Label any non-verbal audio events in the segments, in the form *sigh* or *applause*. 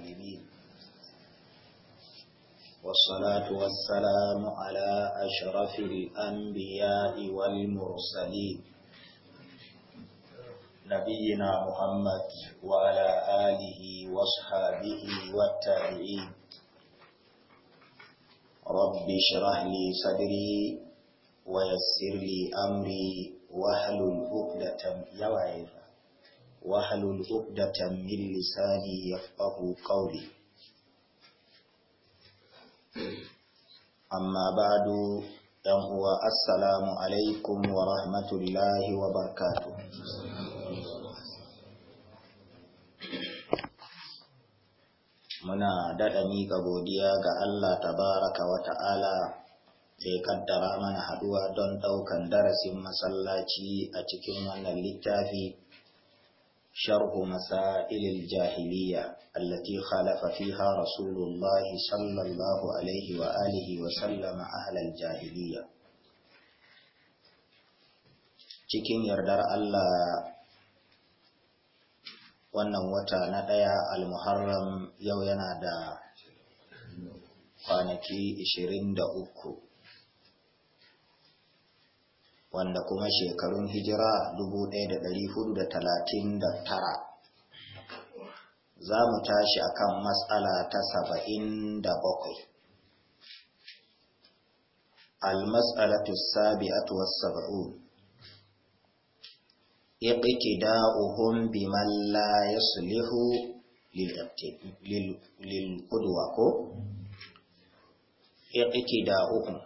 الظالمين والصلاة والسلام على أشرف الأنبياء والمرسلين نبينا محمد وعلى آله وصحابه والتابعين رب اشرح لي صدري ويسر لي أمري واحلل عقدة يوعر wahalul uqdatan min lisani yafqahu qawli amma ba'du 'yan uwa assalamu alaikum wa rahmatullahi wa barakatuh muna daɗa miƙa godiya ga Allah tabaraka wa ta'ala da kaddara mana haɗuwa don ɗaukan darasin masallaci a cikin wannan littafi شرح مسائل الجاهلية التي خالف فيها رسول الله صلى الله عليه وآله وسلم أهل الجاهلية cikin yardar Allah wannan wata na ɗaya almuharram yau yana da kwanaki 23 wanda kuma shekarun hijira 1439 za mu tashi a kan matsala ta 77 المسألة السابعة والسبعون اقتداؤهم بمن لا يصلح للقدوة اقتداؤهم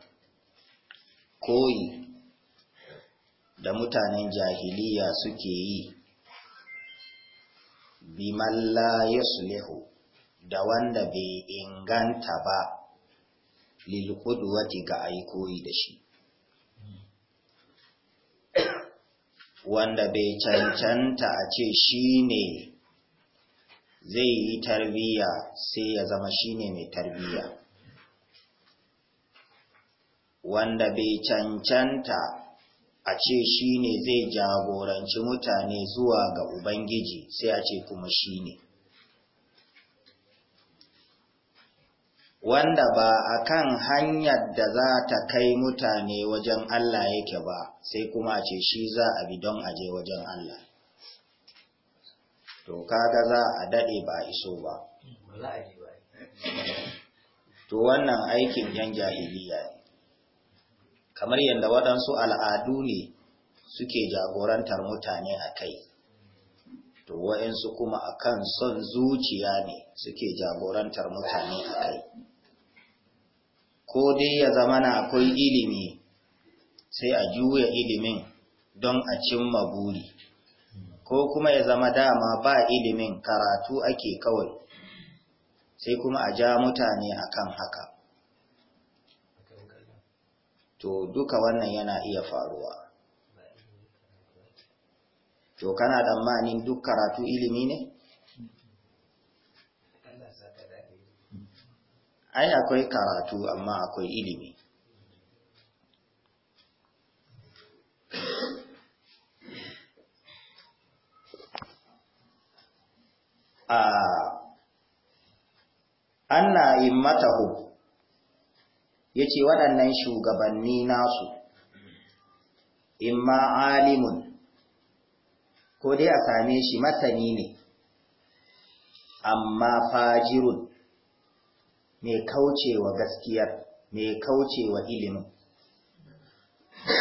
koyi da mutanen jahiliya suke yi bi malla yuslihu da wanda bai inganta ba lilkuduwati ga aikoyi da shi wanda bai cancanta a ce shi ne zai yi tarbiya sai ya zama shi ne mai tarbiya wanda bai cancanta a ce shi ne zai jagoranci mutane zuwa ga Ubangiji sai a ce kuma shi ne. Wanda ba a kan hanyar da za ta kai mutane wajen Allah yake ba, sai kuma a ce shi za a bi don aje wajen Allah. To, kaga za a daɗe ba iso ba. To, wannan aikin yan jahiliya ne. kamar yadda waɗansu al'adu ne suke jagorantar mutane a kai to wa'insu kuma akan son zuciya ne suke jagorantar mutane a kai ko dai ya zama na akwai ilimi sai a juya ilimin don a cimma buri ko kuma ya zama dama ba ilimin karatu ake kawai sai kuma a ja mutane akan haka to duka wannan yana iya faruwa to kana tsammanin duk karatu ilimi ne ai akwai karatu amma akwai ilimi a ah, anna immatahu ya ce waɗannan shugabanni nasu ma alimun ko dai a same shi masani ne amma fajirun mai kaucewa gaskiyar mai kaucewa ilimin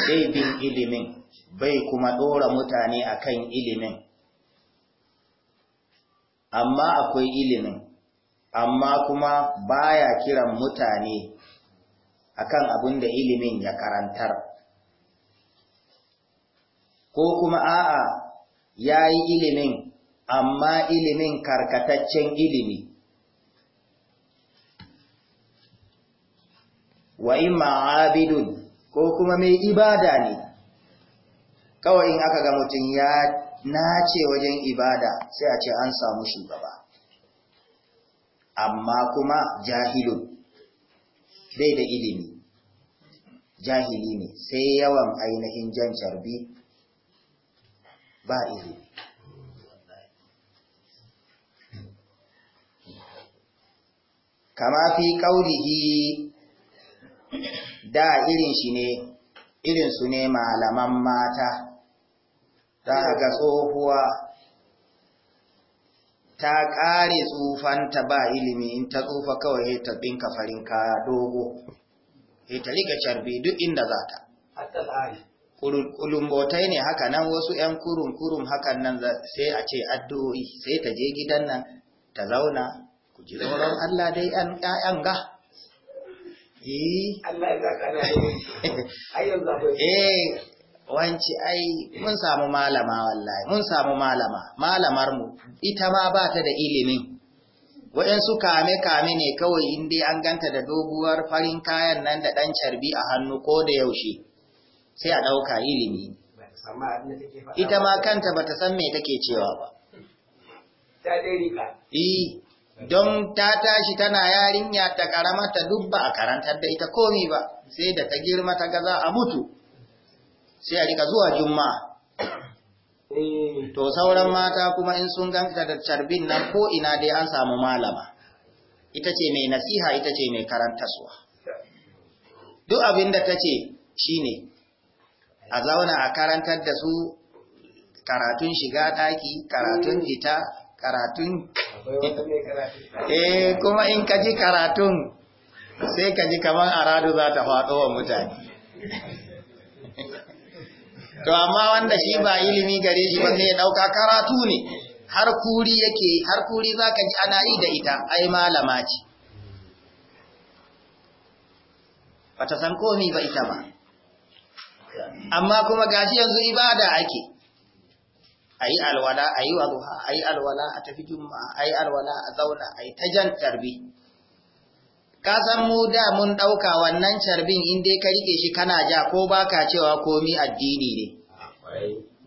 bai bin ilimin bai kuma ɗora mutane a kan ilimin amma akwai ilimin amma kuma baya kiran mutane akan abin da ilimin ya karantar ko kuma a'a ya yi ilimin amma ilimin karkataccen ilimi wa imma abidun ko kuma mai ibada ne kawai in aka ga mutum ya nace wajen ibada sai a ce an samu shugaba amma kuma jahilun bai da ilimi jahili ne sai yawan ainihin jan carbi ba ilimi kama fi ƙaurihi da irin shi ne irin su ne malaman mata ta ga tsohuwa ta ƙare tsufanta ba ilimi in ta tsufa kawai ta binka farin kaya dogo ya ta riga carbi duk inda za ta kulumbotai ne haka nan wasu 'yan kurum-kurum hakan nan sai a ce addu'o'i sai ta je gidan nan ta zauna ku ji tsoron Allah dai 'yan ga Allah ya na *laughs* eh wanci ai mun samu malama wallahi mun samu malama malamar mu ita ma ba ta da ilimin waɗansu kame kame ne kawai in dai an ganta da doguwar farin kayan nan da ɗan carbi a hannu ko da yaushe sai a ɗauka ilimi ita ma kanta ba ta san me take cewa ba eh, don ta tashi tana yarinya ta karamata duk dubba a karantar da ita komi ba sai da ta girma ta gaza a mutu sai a rika zuwa juma'a eh. to sauran mata kuma in sun ganta da tarbin nan ko ina dai an samu malama ita ce mai nasiha ita ce mai karantaswa duk abin da ta ce shine a zauna a karantar da su karatun shiga ɗaki karatun fita karatun eh kuma in ka ji karatun sai kaji kamar aradu za ta faɗo wa mutane to amma wanda shi ba ilimi gare shi wanda ya ɗauka karatu ne har kuri yake har kuri zaka ji ana yi da ita ai malama ce bata san komi ba ita ba amma kuma gashi yanzu ibada ake ayi alwala ayi yi ayi alwala a tafi juma'a ayi alwala a zauna a ta jan tarbi ka san mu da mun ɗauka wannan carbin in dai ka rike shi kana ja ko baka cewa komi addini ne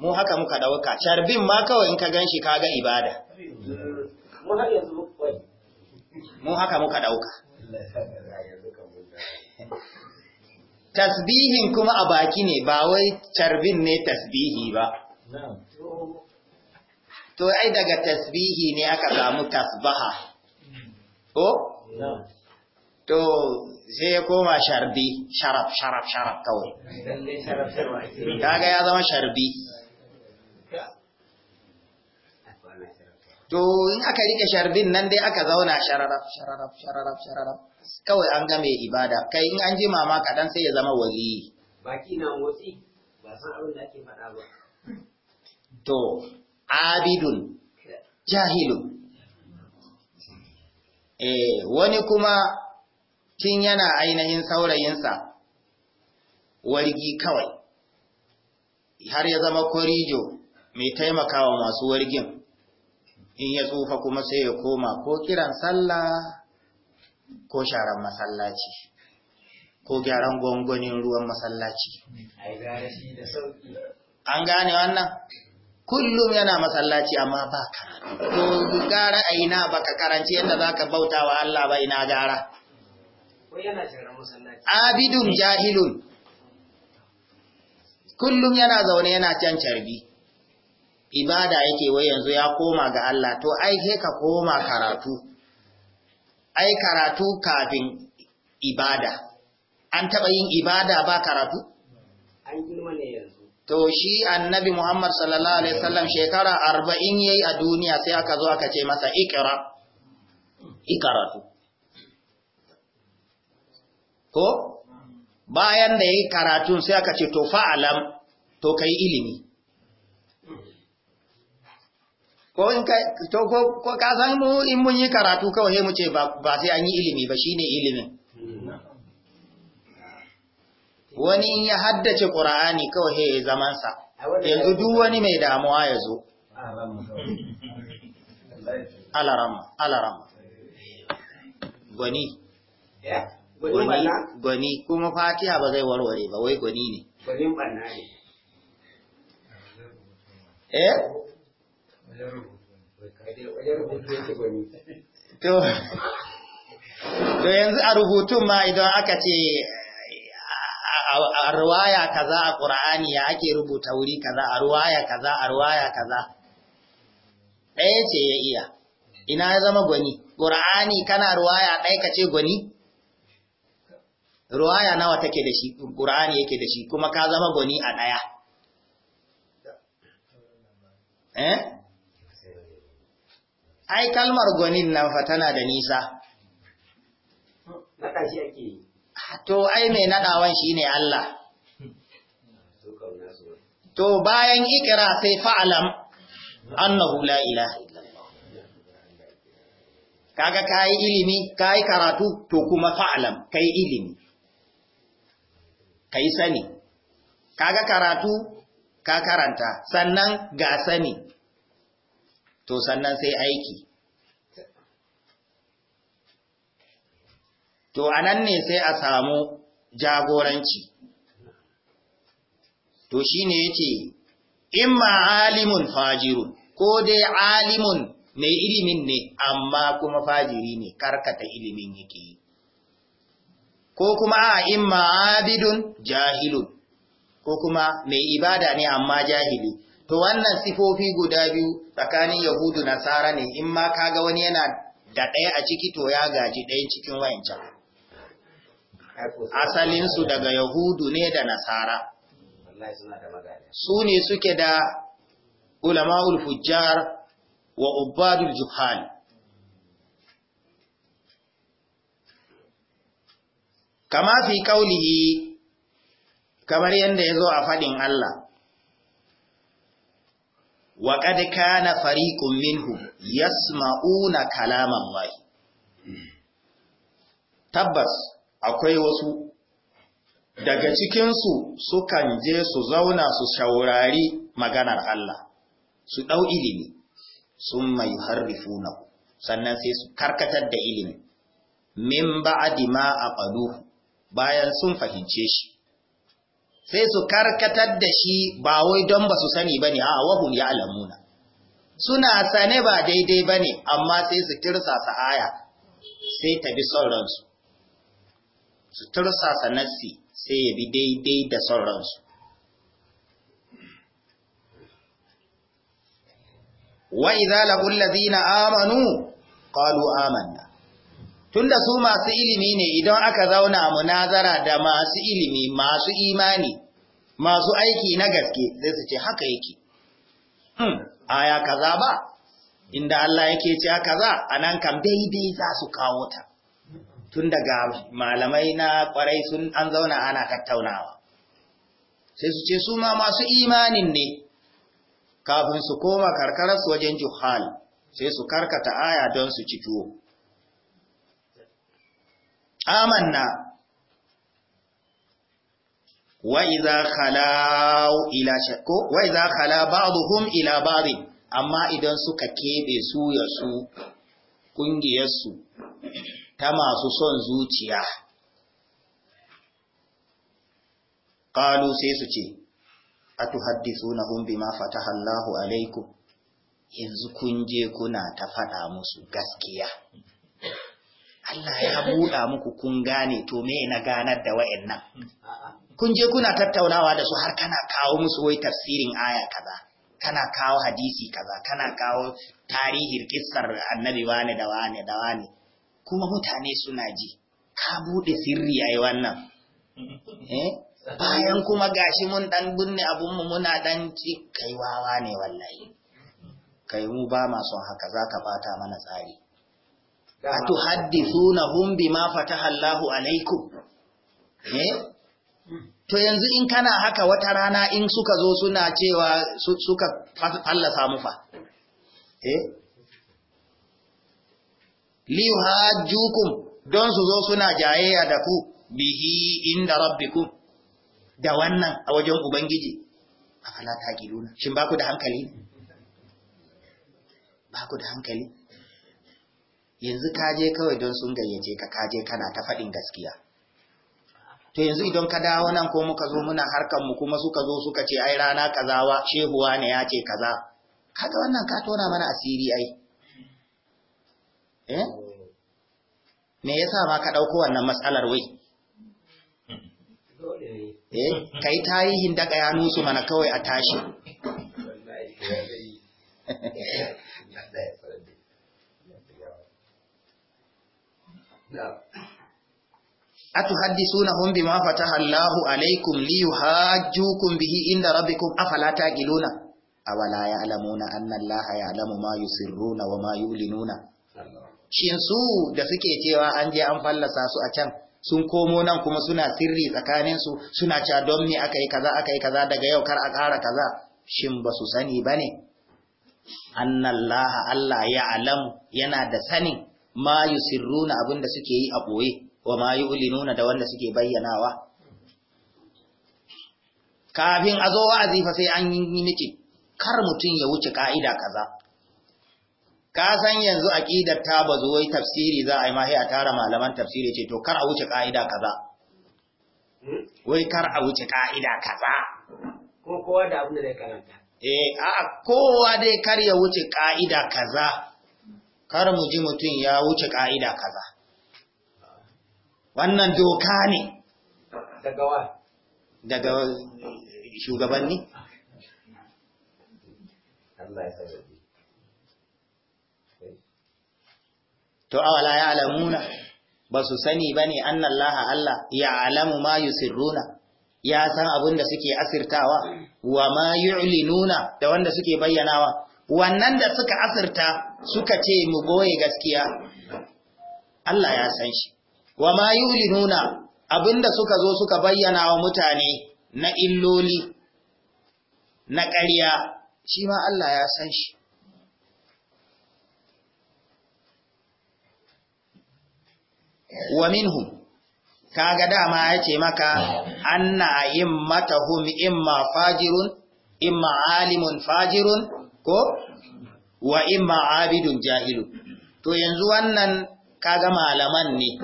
mu haka muka ɗauka carbin ma kawai in ka gan shi kaga ibada mu haka muka ɗauka tasbihin kuma a baki ne ba wai carbin ne tasbihi ba to ai daga tasbihi ne aka samu tasbaha ko to sai ya koma sharbi sharaf sharaf sharaf kawai kaga ya zama sharbi to in aka rike sharbin nan dai aka zauna shararaf shararaf shararaf shararaf kawai an game ibada kai in an ji mama kadan sai ya zama wali baki na motsi ba san abin da ake faɗa ba to abidun jahilun eh wani kuma tun yana ainihin saurayinsa wargi kawai har ya zama korijo mai taimakawa masu wargin in ya tsufa kuma sai ya koma ko kiran sallah ko sharan masallaci ko gyaran gwangwanin ruwan masallaci an gane wannan kullum yana masallaci amma ba ka to gara aina baka karanci yadda zaka bautawa Allah ba ina gara abidun jahilun kullum yana zaune yana can carbi ibada yake wai yanzu ya koma ga Allah to ai sai ka koma karatu ai karatu kafin ibada an taba yin ibada ba karatu an girma ne yanzu to shi annabi Muhammad sallallahu alaihi wasallam shekara 40 yayi a duniya sai aka zo aka ce masa ikra ikaratu ko bayan da yi karatun sai aka ce to fa'alam to kai ilimi ko in kai to ko ka san mu in mun yi karatu kawai sai mu ce ba sai an yi ilimi ba shine ilimin wani in ya haddace Qur'ani kawai sai ya zaman sa yanzu duk wani mai damuwa ya zo alarama alarama gwani gwani kuma fatiha ba zai warware ba wai gwani ne eh to to yanzu a rubutun ma idan aka ce a ruwaya kaza a ƙura'ani ya ake rubuta wuri kaza a ruwaya kaza a ruwaya kaza ɗaya ce ya iya ina ya zama gwani ƙura'ani kana ruwaya ɗaya ka ce gwani ruwaya nawa take da shi Qur'ani yake da shi kuma ka zama goni a daya eh ai kalmar gonin nan fa tana da nisa to ai mai shi ne Allah to bayan ikira sai fa'alam annahu la ilaha illallah kaga kai ilimi kai karatu to kuma fa'alam kai ilimi ka yi sani kaga karatu ka karanta sannan ga sani to sannan sai aiki to a nan ne sai a samu jagoranci to shine yace imma alimun fajiru, ko dai alimun mai ilimin ne amma kuma fajiri ne karkata ilimin yake yi ko kuma a imma abidun jahilun ko kuma mai ibada ne amma jahili to wannan sifofi guda biyu tsakanin yahudu nasara ne in ma kaga wani yana da ɗaya a ciki to ya gaji ɗaya cikin wayancan asalinsu daga yahudu ne da nasara su ne suke da ulama fujjar wa ubadul juhal kama fi kaulihi kamar yadda ya zo a faɗin Allah wa kad kana fariqun minhu yasma'una kalaman Allah tabbas akwai wasu daga cikinsu sukan je su zauna su shaurari maganar Allah su ɗau ilimi sun mai harrifu sannan sai su karkatar da ilimi min ba'adi dima a ƙaduhu bayan sun fahimce shi sai su karkatar da shi ba wai don ba su sani ba ne a wahun ya alamuna suna sane ba daidai ba ne amma sai su tursasa aya sai ta bi son ransu su tirsasa nassi sai ya bi daidai da son ransu wa idza laqul zina amanu qalu amanna tunda su masu ilimi ne idan aka zauna a munazara da masu ilimi masu imani masu aiki na gaske sai su ce haka yake hmm aya kaza ba inda Allah yake ce kaza anan kam daidai za su kawo ta tun daga malamai na kwarai sun an zauna ana tattaunawa sai su ce su ma masu imanin ne kafin su koma karkararsu wajen juhal sai su karkata aya don su ci tuwo amanna wa iza khala ila shakko wa iza khala ba'dhum ila ba'd amma idan suka kebe su ya su kungiyar su ta masu son zuciya qalu sai su ce atuhaddithunahum bima fataha Allahu alaikum yanzu kun je kuna ta fada musu gaskiya Allah ya buɗa muku kun gane to me na ganar da wa'annan kun je kuna tattaunawa da su har kana kawo musu wai tafsirin aya kaza kana kawo hadisi kaza kana kawo tarihin kissar annabi wane da wane da wane kuma mutane suna ji ka buɗe sirri ai wannan eh? bayan kuma gashi mun dan binne abun muna dan ci kai wawa ne wallahi kai mu ba masu son haka zaka bata mana tsari humbi ma fata Allahu alaikum eh to yanzu in kana haka wata rana in suka zo suna cewa suka falla samu fa eh liyuhajjukum don su zo suna jaye da ku bihi inda rabbikum da wannan a wajen ubangiji afala giluna. shin ba ku da hankali ba ku da hankali yanzu ka je kawai don sun gayyace ka ka je kana ta faɗin gaskiya to yanzu idan ka dawo nan ko muka zo muna harkan mu kuma suka zo suka ce ai rana kazawa shehuwa ne ya ce kaza kaga wannan ka tona mana asiri ai eh me yasa ma ka dauko wannan matsalar wai eh kai tarihin daga ya nusu mana kawai a tashi *laughs* *laughs* atuhaddithunahum bima fataha Allahu alaikum liyuhajjukum bihi inda rabbikum afala taqiluna awala ya'lamuna anna Allaha ya'lamu ma yusirruna wa ma yu'linuna shin su da suke cewa an je an fallasa su a can sun komo nan kuma suna sirri tsakanin su suna cewa don me aka yi kaza aka kaza daga yau kar a ƙara kaza shin ba su sani bane annallaha Allaha Allah ya'lamu yana da sanin ma yusirruna abin da suke yi a boye wa ma yu'linuna da wanda suke bayyanawa kafin a zo wa'azi fa sai an yi miki kar mutum ya wuce ka'ida kaza ka san yanzu aqidar ta bazo wai tafsiri za a yi ma sai a tara malaman tafsiri ce to kar a wuce ka'ida kaza wai kar a wuce ka'ida kaza ko kowa da abin da zai karanta eh a'a kowa dai kar ya wuce ka'ida kaza kar mu ji mutum ya wuce ka'ida kaza wannan doka ne daga wa daga shugabanni Allah ya to awala ya alamuna ba su sani ba ne annan Allah ya alamu ma yusirruna ya san abin da suke asirtawa wa ma yu'linuna da wanda suke bayyanawa wannan da suka asirta suka ce mu goye gaskiya Allah ya san shi wa ma yulinuna abinda suka zo suka bayyana wa mutane na illoli na ƙarya shi ma Allah ya san shi wa minhu kaga dama ya ce maka anna matahum imma fajirun imma alimun fajirun ko wa imma abidun jahilu to yanzu wannan kaga malaman ne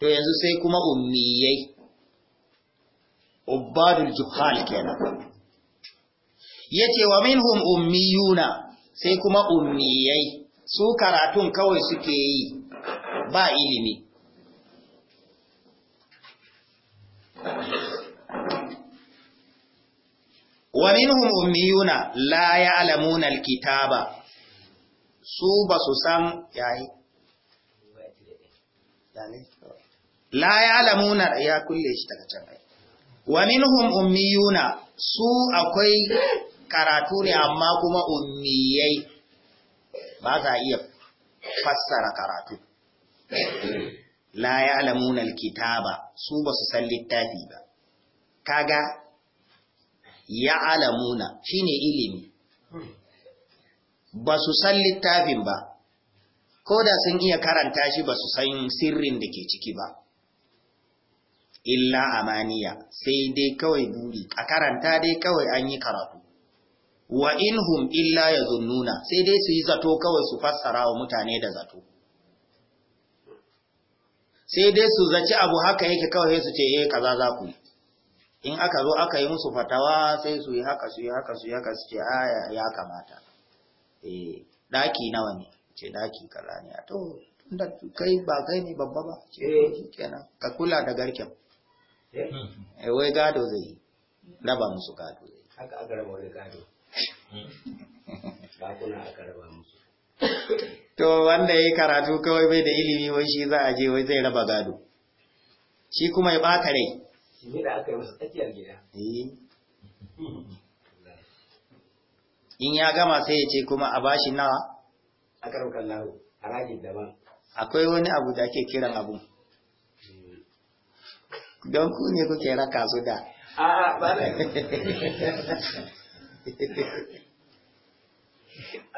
to yanzu sai kuma ummiyai ubbadul juhal kenan yace wa minhum ummiyuna sai kuma ummiyai su karatun kawai suke yi ba ilimi wa minhum ummiyuna la ya'lamuna alkitaba su ba su san yayi la ya lamuna ya kulle shi daga can ai wa minhum ummiyuna su akwai karatu ne amma kuma ummiyai ba za iya fassara karatu la ya lamuna alkitaba su ba su san littafi ba kaga ya alamuna shine ilimi ba su san littafin ba, ko da sun iya karanta shi ba su san sirrin da ke ciki ba. Illa amaniya, sai dai kawai buri, a karanta dai kawai an yi karatu. Wa inhum illa ya nuna sai dai su yi zato kawai su fassara wa mutane da zato. Sai dai su zaci abu haka yake kawai su ce, "Eh, kaza za ku yi." In aka zo aka yi musu fatawa sai su yi haka su yi haka su yi haka su ce, aya ah, ya kamata." eh daki nawa ne ce daki kaza ne to tunda kai ba kai ne babba ba ce eh. kenan ka kula da garken eh. eh wai gado zai yi raba musu gado zai haka aka raba wani gado bakuna aka raba musu to wanda ya yi karatu kawai bai da ilimi wai shi za a je wai zai raba gado shi kuma ya bata rai shi ne da aka yi masa tsakiyar gida eh *laughs* in ya gama sai ya ce kuma a bashi nawa a karkar a rajin daban akwai wani abu da ke kiran abu don ku ne kuke raka su da a ba da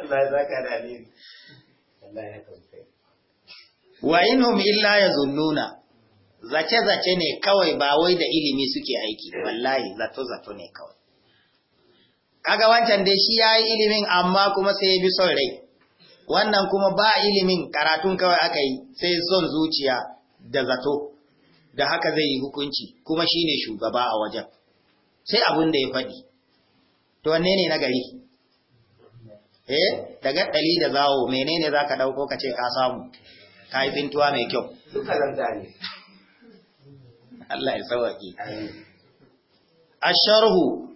Allah ya zaka da ni Allah ya kauce wa inhum illa yazunnuna zace zace ne kawai ba wai da ilimi suke aiki wallahi zato zato ne kawai kaga wancan dai shi ya yi ilimin amma kuma sai ya bi son rai wannan kuma ba ilimin karatun kawai aka yi sai son zuciya da zato da haka zai yi hukunci kuma shi ne shugaba a wajen sai abin da ya faɗi to wanne ne na gari eh daga ɗali da zawo menene za ka ɗauko ka ce ka samu ka yi tsintuwa mai kyau Allah ya sauwaƙi asharhu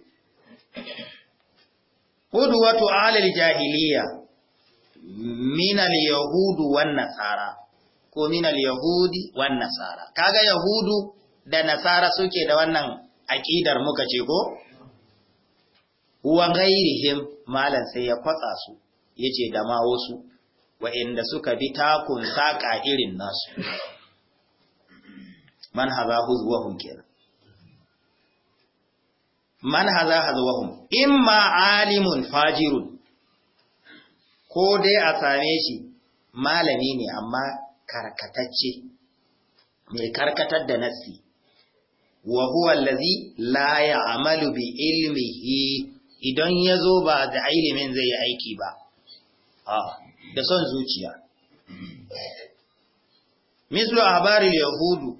wato alal jahiliya, minal Yahudu wan Nasara, ko minal Yahudi wan Nasara. Kaga Yahudu da Nasara suke da wannan aƙidar muka ce ko? Wa gairihim malam sai ya kwatsa su, ya ce da ma wasu, wa'inda suka bi takun saƙa irin nasu. Man haza huzuwa hunkira. man haza hazwahum imma alimun fajirun ko dai a same shi malami ne amma karkatacce mai karkatar da nassi wa huwa allazi la ya'malu bi ilmihi idan ya zo ba da ilimin zai yi aiki ba ah, da son zuciya mislu ahbaril yahudu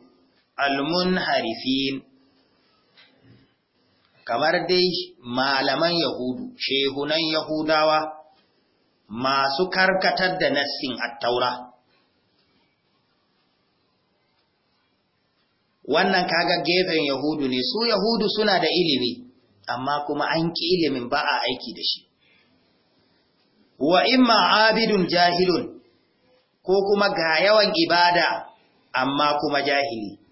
almunharifin kamar dai malaman Yahudu, shehunan Yahudawa masu karkatar da nassin attaura. Wannan kaga gefen Yahudu ne, su Yahudu suna da ilimi, amma kuma an ki ilimin ba a aiki da shi. Wa imma abidun jahilun, ko kuma ga yawan ibada, amma kuma jahili.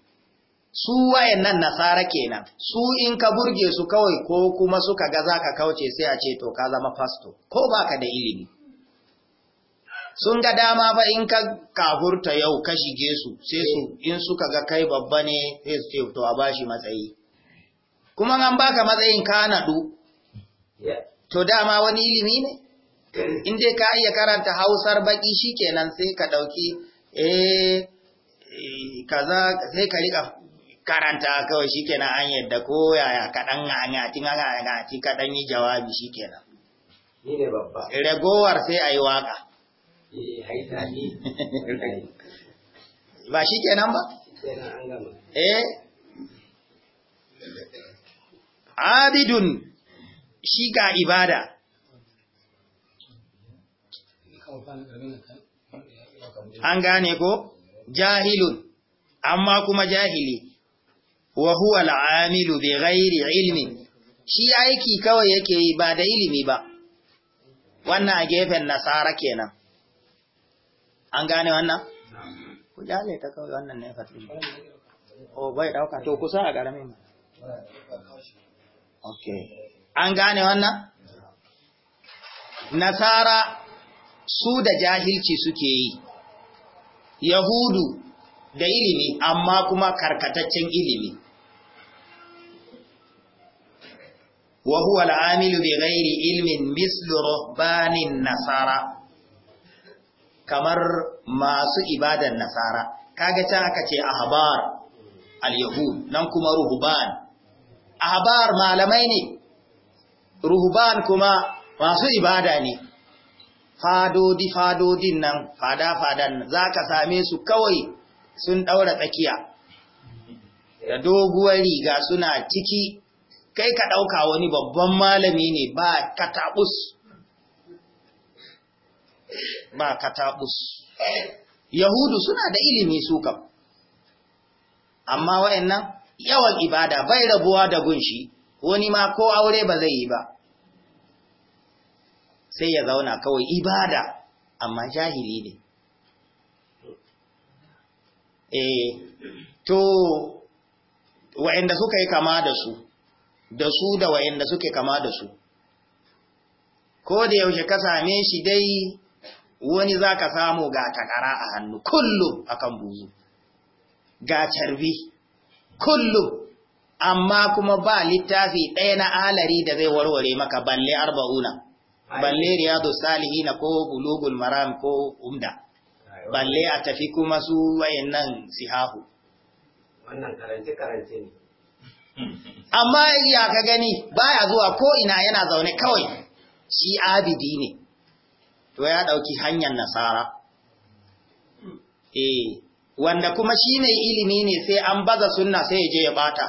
su wayannan nasara kenan su in ka burge su kawai ko kuma suka ga za ka kauce sai a ce to ka zama fasto ko baka da ilimi sun ga dama ba in ka kafurta yau ka shige su sai su in suka ga kai babba ne sai su ce to a bashi matsayi kuma an baka matsayin ka nadu to dama wani ilimi ne in dai ka iya karanta Hausar baki shikenan sai ka dauki eh, eh kaza sai ka rika karanta kawai shikenan an yadda ko yaya kaɗan ngati ngati kaɗan yi jawabi shikenan. Ni ne babba. Ragowar sai a yi waƙa. Eh, *laughs* ba shi kenan ba? Eh? Abidun shi ga ibada. An gane ko? Jahilun, amma kuma jahili. wa huwa al'amilu bi ghairi ilmi shi aiki kawai yake yi ba da ilimi ba wannan a gefen nasara kenan an gane wannan ku jale ta kawai wannan ne fatima o bai dauka to kusa a garamin okay an gane wannan nasara su da jahilci suke yi yahudu da ilimi amma kuma karkataccen ilimi wa huwa al'amilu bi ghairi ilmin mislu ruhbanin nasara kamar masu ibadan nasara kaga can aka ce ahbar al-yahud nan kuma ruhban ahbar malamai ne ruhban kuma masu ibada ne fadodi nan fada fadan ka same su kawai sun ɗaura tsakiya da doguwar riga suna ciki kai ka ɗauka wani babban malami ne ba kataɓus ba kataɓus yahudu suna da ilimi su kam amma wa'annan yawan ibada bai rabuwa da gunshi wani ma ko aure ba zai yi ba sai ya zauna kawai ibada amma jahili ne eh to wa'anda suka yi kama da su da su da wa'inda suke kama da su ko da yaushe ka same shi dai wani za ka samu ga takara a hannu kullum akan buzu ga carbi kullum amma kuma ba littafi ɗaya na alari da zai warware maka balle arba'una balle riyadu salihi na ko bulugul maram ko umda balle a tafi kuma su nan sihahu wannan karance karance ne amma ya ka gani baya zuwa ko ina yana zaune kawai shi abidi ne to ya dauki hanyar nasara eh wanda kuma shi ne ilimi ne sai an baza sunna sai ya je ya bata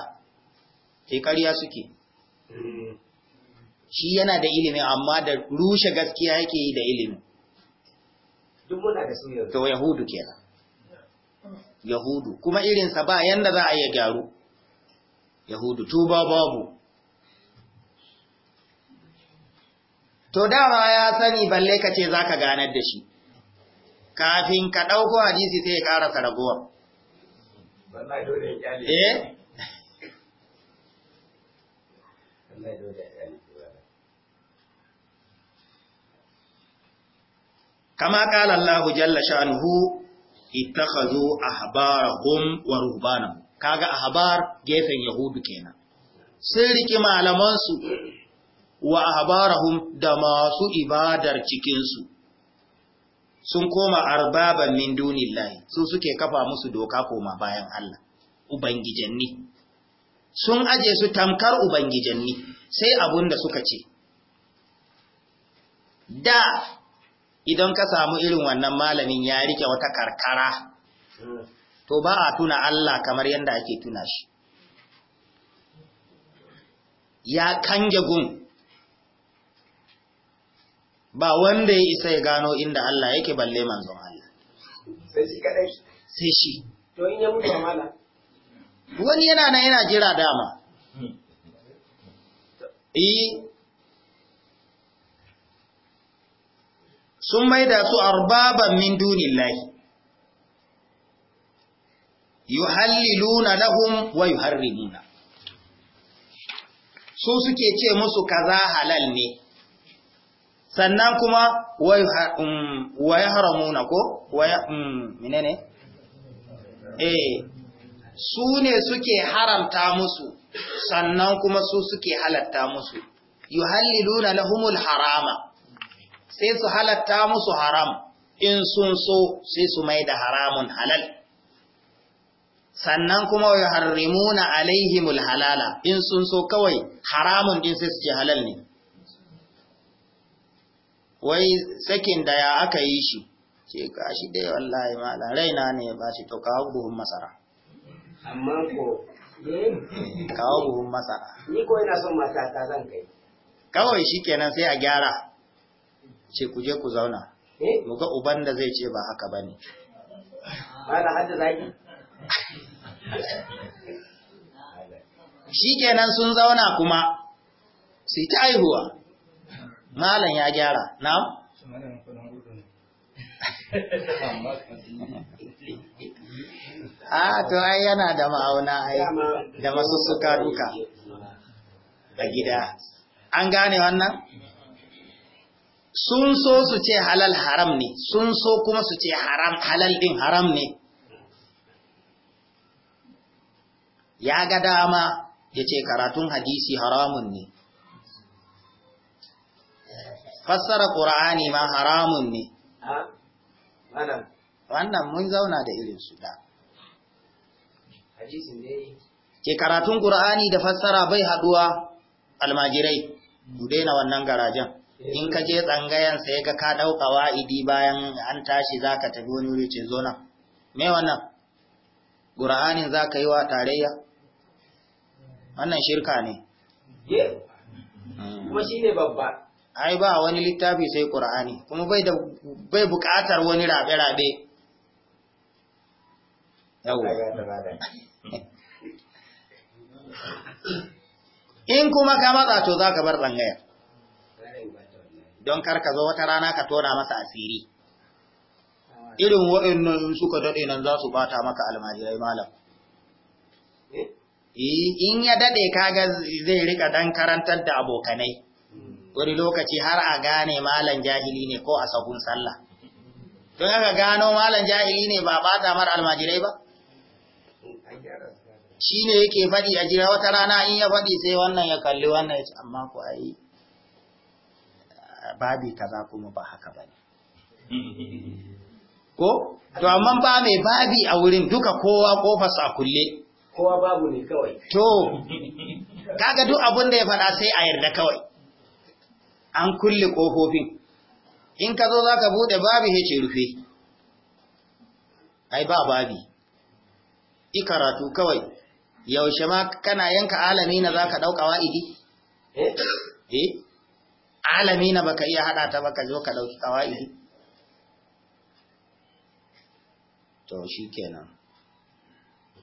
sai eh, ƙarya suke shi yana da ilimi amma da rushe gaskiya yake yi da ilimi to yahudu kenan yahudu kuma irinsa ba yanda za a iya gyaru yahudu tuba babu to dama ya sani balle ka ce za ka ganar da shi kafin ka ɗauko hadisi sai ya ƙarasa ragowa eh kama ƙala Allah jalla sha'anhu ittakhadhu ahbarahum wa ruhbanahum kaga ahbar gefen yahudu kenan sun riki malamansu wa ahbarahum da masu ibadar cikinsu sun koma arbaban min dunillahi su suke kafa musu doka koma bayan Allah ubangijanni sun aje su tamkar ubangijanni sai abunda suka ce da idan ka samu irin wannan malamin ya rike wata karkara to ba a tuna Allah kamar yadda ake tuna shi. Ya kange gun, ba wanda ya isa ya gano inda Allah yake balle manzon Allah. Sai shi Wani yana na yana jira dama. Eh, sun maida su arbaban min dunillahi. yuhalliluna lahum wa yuharrimuna su suke ce musu kaza halal ne sannan kuma wa um, yuharramuna ko wa um, menene eh su ne suke haramta musu sannan kuma su suke halatta musu yuhalliluna lahumul harama sai su halatta musu haram in sun so sai su mai da haramun halal sannan kuma wa yuharrimuna alaihimul halala in sun so kawai haramun din sai su ce halal ne wai sakin da ya aka yi shi ce ka shi dai wallahi malam raina ne ba shi to kawo buhun masara amma ko eh? kawo buhun masara ni ko ina son matata zan kai kawai shikenan sai a gyara ce ku je ku zauna eh? mu ga uban da zai ce ba haka bane ba da hadda zaki Shi kenan sun zauna kuma su ta aihuwa malam ya gyara na? a ah, to ai yana da ma'auna ai da masussuka duka a gida an gane wannan sun so su ce halal haram ne sun so kuma su ce halal din haram ne ya ga dama ya ce karatun hadisi haramun ne fassara ƙura'ani ma haramun ne wannan mun zauna da irin su da ke karatun ƙura'ani da fassara bai haduwa almajirai daina wannan garajen in ka je tsangayen sai ka ka ɗauka wa'idi bayan an tashi za ka tafi wani wuri ce zo nan me wannan ƙura'anin za ka yi wa tarayya wannan shirka ne hmm. kuma shi ne babba ai ba wani littafi sai ƙur'ani kuma bai da bai buƙatar wani rabe-rabe in kuma ka matsa to zaka ka bar rangayar don kar ka zo wata rana ka tona masa asiri irin waɗannan suka daɗe nan za su bata maka almajirai malam in ya dade kaga zai rika dan karantar da abokanai wani lokaci har a gane malam jahili ne ko a sahun sallah don haka gano malam jahili ne ba bata mar almajirai ba shi ne yake faɗi a jira wata rana in ya faɗi sai wannan ya kalli wannan ya ce amma ku a yi babi kaza kuma ba haka ba ko to amma ba mai babi a wurin duka kowa kofarsa a kulle kowa babu ne kawai to kaga duk abin da ya faɗa sai a yarda kawai an kulle ƙofofin in ka zo za ka buɗe babu hece rufe ai ba babi i karatu kawai yaushe ma kana yanka alami na za ka ɗauka wa'idi? eh Eh? alami na ka iya haɗa ta ba ka zo ka ɗauki kawa'idi to shi kenan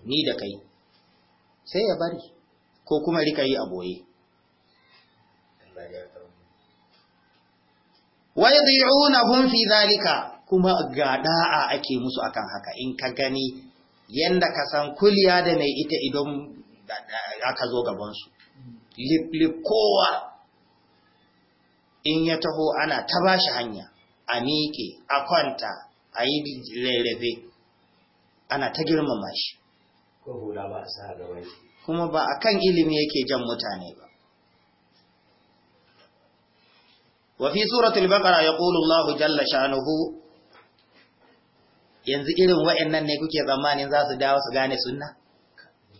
ni da kai sai ya bari ko kuma rika yi a boye wai yad'unahum fi zalika kuma ga da'a ake musu akan haka in ka gani yanda ka san kuliya da mai ita idan aka zo gabansu su lip kowa in ya taho ana ta bashi hanya a miƙe a kwanta a yi rarrafe ana ta girmama shi Kuma ba a kan kuma ilimi yake jan mutane ba Wafi fi suratul baqara yaqulu Allahu jalla sha'nuhu yanzu irin wa'annan ne kuke tsammanin za su dawo su gane sunna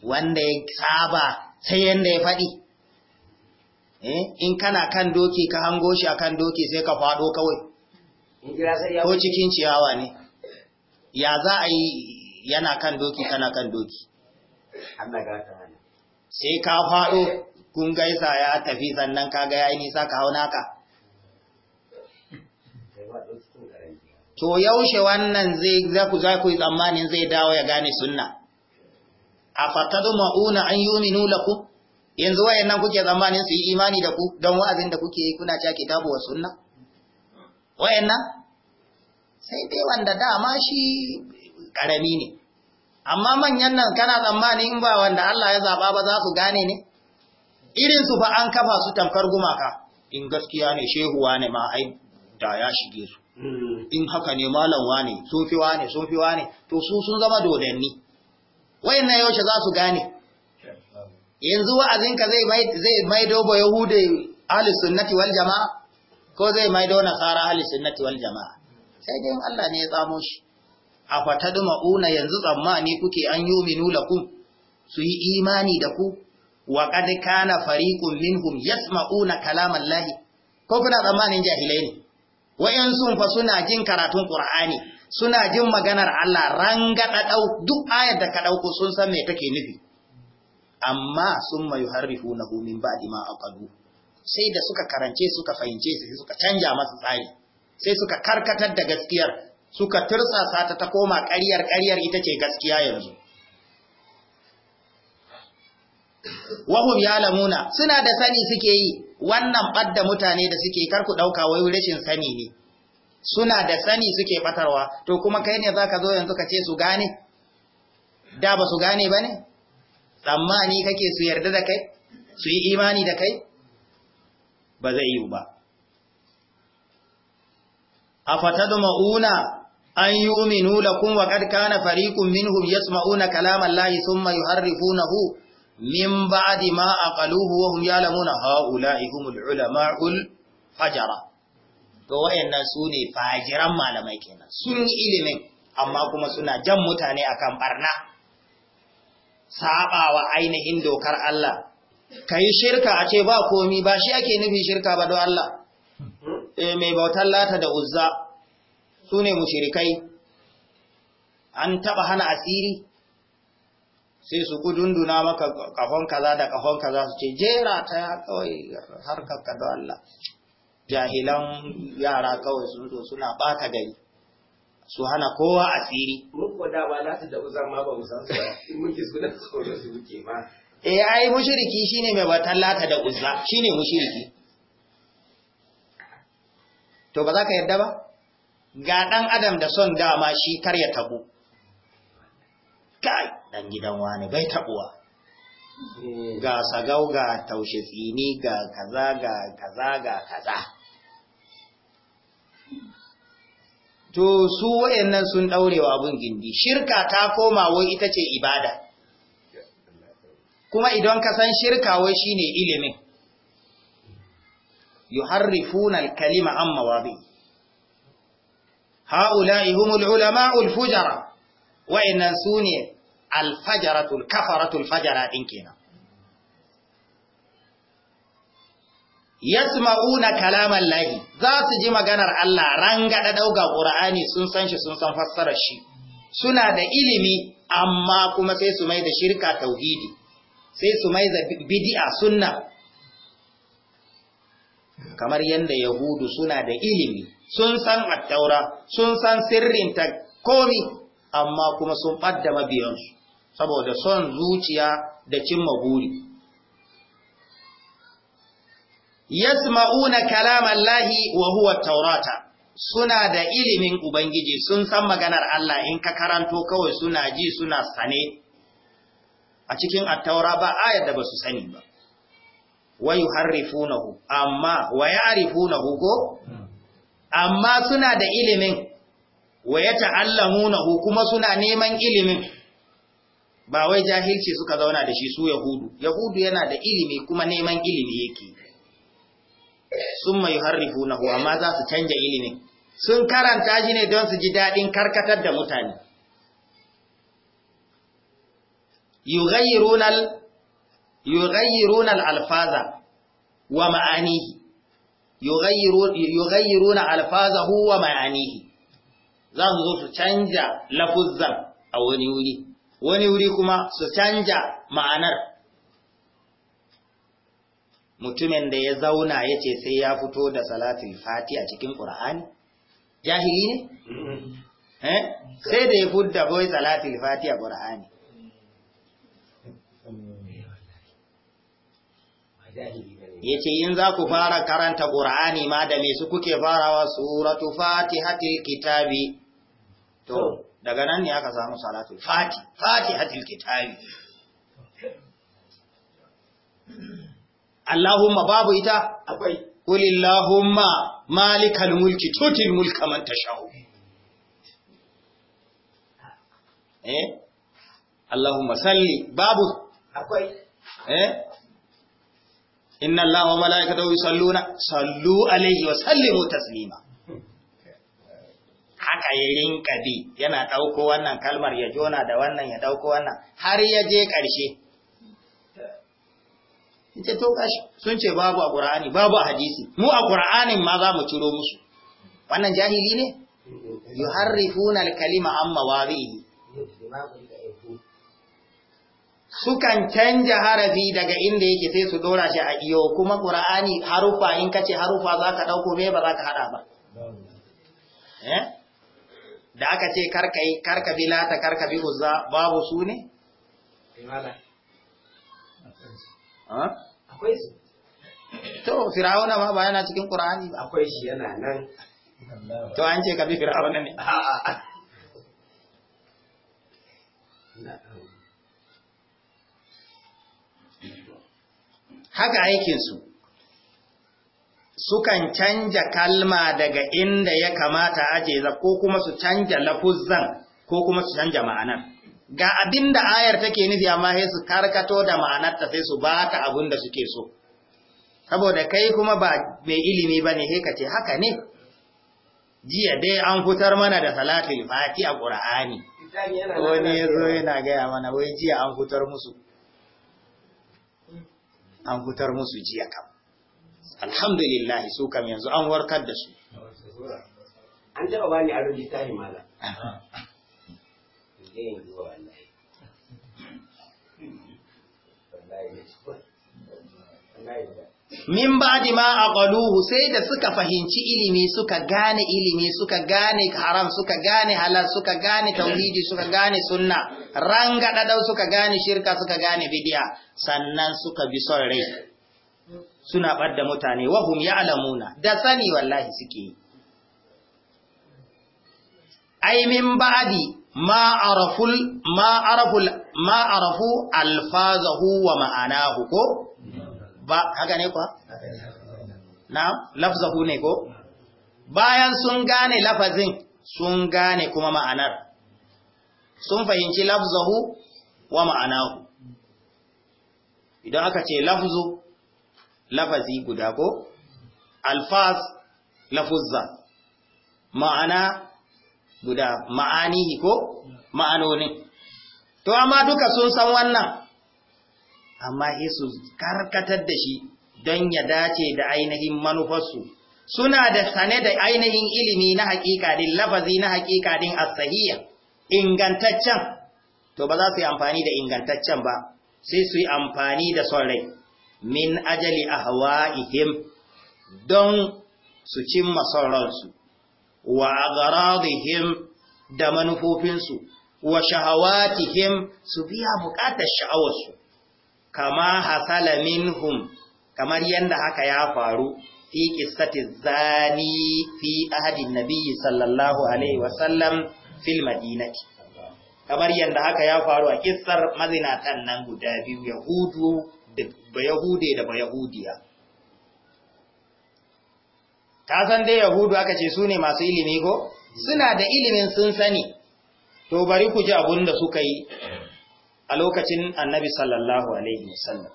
wanda ya saba sai yanda ya faɗi eh, in kana kan doki ka hango shi a kan doki sai ka faɗo kawai ko cikin ciyawa ne ya za a yi yana kan doki kana kan doki sai ka faɗo kun gaisa ya tafi sannan ka ga yi nisa ka hauna ka to yaushe wannan zai za ku yi tsammanin zai dawo ya gane suna? a fatadu ma'una an yi yuminu ku? yanzu wayannan kuke tsammanin su yi imani da ku don wa'azin da kuke yi kuna cewa kitabu wa sunna wayannan sai dai wanda dama shi karami ne amma manyan nan kana tsammani in ba wanda Allah ya zaba ba za su gane ne irin su fa an kafa su tamkar gumaka in gaskiya ne shehuwa ne ma ai da ya shige su hmm. in haka ne malamwa ne sofiwa ne sofiwa ne to su sun zama dodanni wayannan yaushe za su gane yanzu wa'azinka zai zai maido ba yahude ahli sunnati wal jamaa ko zai maido nasara ahli sunnati wal jamaa sai dai Allah ne ya tsamo shi a fatadu ma'una yanzu tsammani kuke an yi minu suyi su yi imani da ku wa kad kana fariqun minhum yasma'una kalaman lahi ko kuna tsammanin jahilai ne wayansu fa suna jin karatun qur'ani suna jin maganar Allah da dau duk ayar da ka dauko sun san me take nufi amma sun summa yuharrifunahu min ba'di ma aqalu sai da suka karance suka fahimce su suka canja masu tsari sai suka karkatar da gaskiyar suka tursasa ta ta koma ƙaryar ƙaryar ita ce gaskiya yanzu wahum ya lamuna suna da sani suke yi wannan ɓadda mutane da suke karku ɗauka wai rashin sani ne suna da sani suke ɓatarwa, to kuma kai ne za ka zo yanzu ka ce su gane da ba su gane ba ne tsammani kake su yarda da kai su yi imani da kai ba zai yi ba a fata da ma'una an yu'minu lakum wa qad kana fariqun minhum yasma'una kalama Allahi thumma yuharrifunahu min ba'di ma aqaluhu wa hum ya'lamuna ha'ula'i humul ulama'ul fajara to wayannan sune fajiran malamai kenan sun yi ilimin amma kuma suna jan mutane akan barna Saɓawa ainihin dokar Allah yi shirka a ce ba komi ba shi ake nufin shirka ba don Allah mai bautar lata da uzza su ne mushirikai an taɓa hana asiri sai su gudunduna maka kafon kaza da kafon kaza su ce jera ta kawai harkar ka da Allah jahilan yara kawai sun zo suna bata gari su hana kowa asiri mun ko da ba lati da uzan ma ba mu san su muke suna tsoro su muke ma eh ai mushriki shine mai batan lata da uzza shine mushriki to ba za ka yarda ba ga ɗan adam da son dama shi karya ya taɓo kai ɗan gidan wani bai taɓuwa eh. ga sagau ga taushe tsini ga kaza ga kaza ga kaza to su wayannan sun ɗaurewa abin gindi shirka ta koma wai ita ce ibada kuma idan ka san shirka wai shine ilimin yuharrifuna al-kalima amma wabi ha'ula'i humul ulama'ul fujara wa'annan su ne alfajaratul kafaratul fajara ɗin kenan yasma'una kalaman lahi za su ji maganar Allah rangada dauga Qur'ani sun san shi sun san fassarar shi suna da ilimi amma kuma sai su mai da shirka tauhidi sai su mai da bid'a sunna kamar yadda yahudu suna da ilimi sun san attaura sun san sirrin ta komi amma kuma sun ɓadda mabiyansu saboda son zuciya da cimma buri yasma'una kalamallahi wa huwa taurata suna da ilimin ubangiji sun san maganar Allah in ka karanto kawai suna ji suna sane a cikin attaura ba ayar da su sani ba wayu yuharrifunahu amma wa ko amma suna da ilimin wa ya ta'allamunahu kuma suna neman ilimin ba wai jahilci suka zauna da shi su yahudu yahudu yana da ilimi kuma neman ilimi yake sun mai harrifunahu amma za su canja ilimin sun karanta shi ne don su ji daɗin karkatar da mutane runar alfaza wa ma'anihi yughayyiruna alfazahu wa ma'anihi za su zo su canja lafuzzan a wani wuri wani wuri kuma su canja ma'anar mutumin da ya zauna ya ce sai ya fito da salatul fati a cikin ƙura'ani jahili ne? sai da ya fudda bai salatul fati a ƙura'ani yace in za ku fara karanta Qur'ani ma da me su kuke farawa suratu Fatihatil Kitabi to daga nan ne aka samu salatu Fati Fati Fatihatil Kitabi Allahumma babu ita akwai kulillahumma malikal mulki tutil mulka man tashau eh Allahumma salli babu akwai eh inna allaha wa malaikatahu yusalluna sallu alaihi wa sallimu taslima haka ya rinka bi yana dauko wannan kalmar ya jona da wannan ya dauko wannan har ya je karshe ita to kashi sun ce babu a qur'ani babu a hadisi mu a qur'anin ma za mu ciro musu wannan jahili ne yuharrifuna al-kalima amma mawadhihi sukan canja harafi daga inda yake sai su dora shi a iyo kuma ƙura'ani harufa in kace harufa za ka ɗauko me ba za ka haɗa ba eh? da aka ce karka bi lata karka bi uzza babu su ne? to firawuna ma ba yana cikin ƙura'ani ba akwai shi yana nan to an ce ka bi firawuna ne a'a *laughs* haka aikinsu sukan canja kalma daga inda ya kamata aje za ko kuma su canja lafuzzan ko kuma su canja ma'anar ga abin ayar take nufi amma sai su karkato da ma'anarta sai su ba ta abun da suke so saboda kai kuma ba mai ilimi ba ne, ka ce haka ne jiya dai an fitar mana da salatul fati a ƙur'ani. wani yazo yana gaya mana wai jiya an fitar musu an fitar musu jiya kam alhamdulillah su kam yanzu an warkar da su an taɓa bani a rubi tahi mala min ba ma a sai da suka fahimci ilimi suka gane ilimi suka gane haram suka gane halal suka gane tauhidi suka gane sunna rangadadau suka gane shirka suka gane bidiya sannan suka bi son rai suna ɓadda mutane wahum ya'lamuna da sani wallahi suke yi ai min ba'di ma araful ma araful ma arafu alfazahu wa ma'anahu ko ba haka ne kwa na lafzahu ne ko bayan sun gane lafazin sun gane kuma ma'anar sun fahimci lafzahu wa ma'anahu idan aka ce lafzu lafazi guda ko alfaz lafuzza ma'ana guda ma'anihi ko ma'anonin to amma duka sun san wannan amma isu karkatar da shi don ya dace da ainihin manufarsu suna da sane da ainihin ilimi na din lafazi na hakikadin din sahiyya ingantaccen to ba za su yi amfani da ingantaccen ba sai su yi amfani da son rai min ajali a ahwa'ihim don su cimma son ransu wa ihim da manufofinsu wa shahawatihim su biya bukatar sha'awarsu kama hasala minhum kamar yadda haka ya faru fi qissati zani fi ahadin nabiyyi sallallahu alaihi wasallam fil madinati kamar yadda haka ya faru a kissar mazinatan nan guda biyu yahudu da yahude da bayahudiya ka san dai yahudu aka ce su ne masu ilimi ko suna da ilimin sun sani to bari ku ji abun da suka yi a lokacin annabi sallallahu alaihi wasallam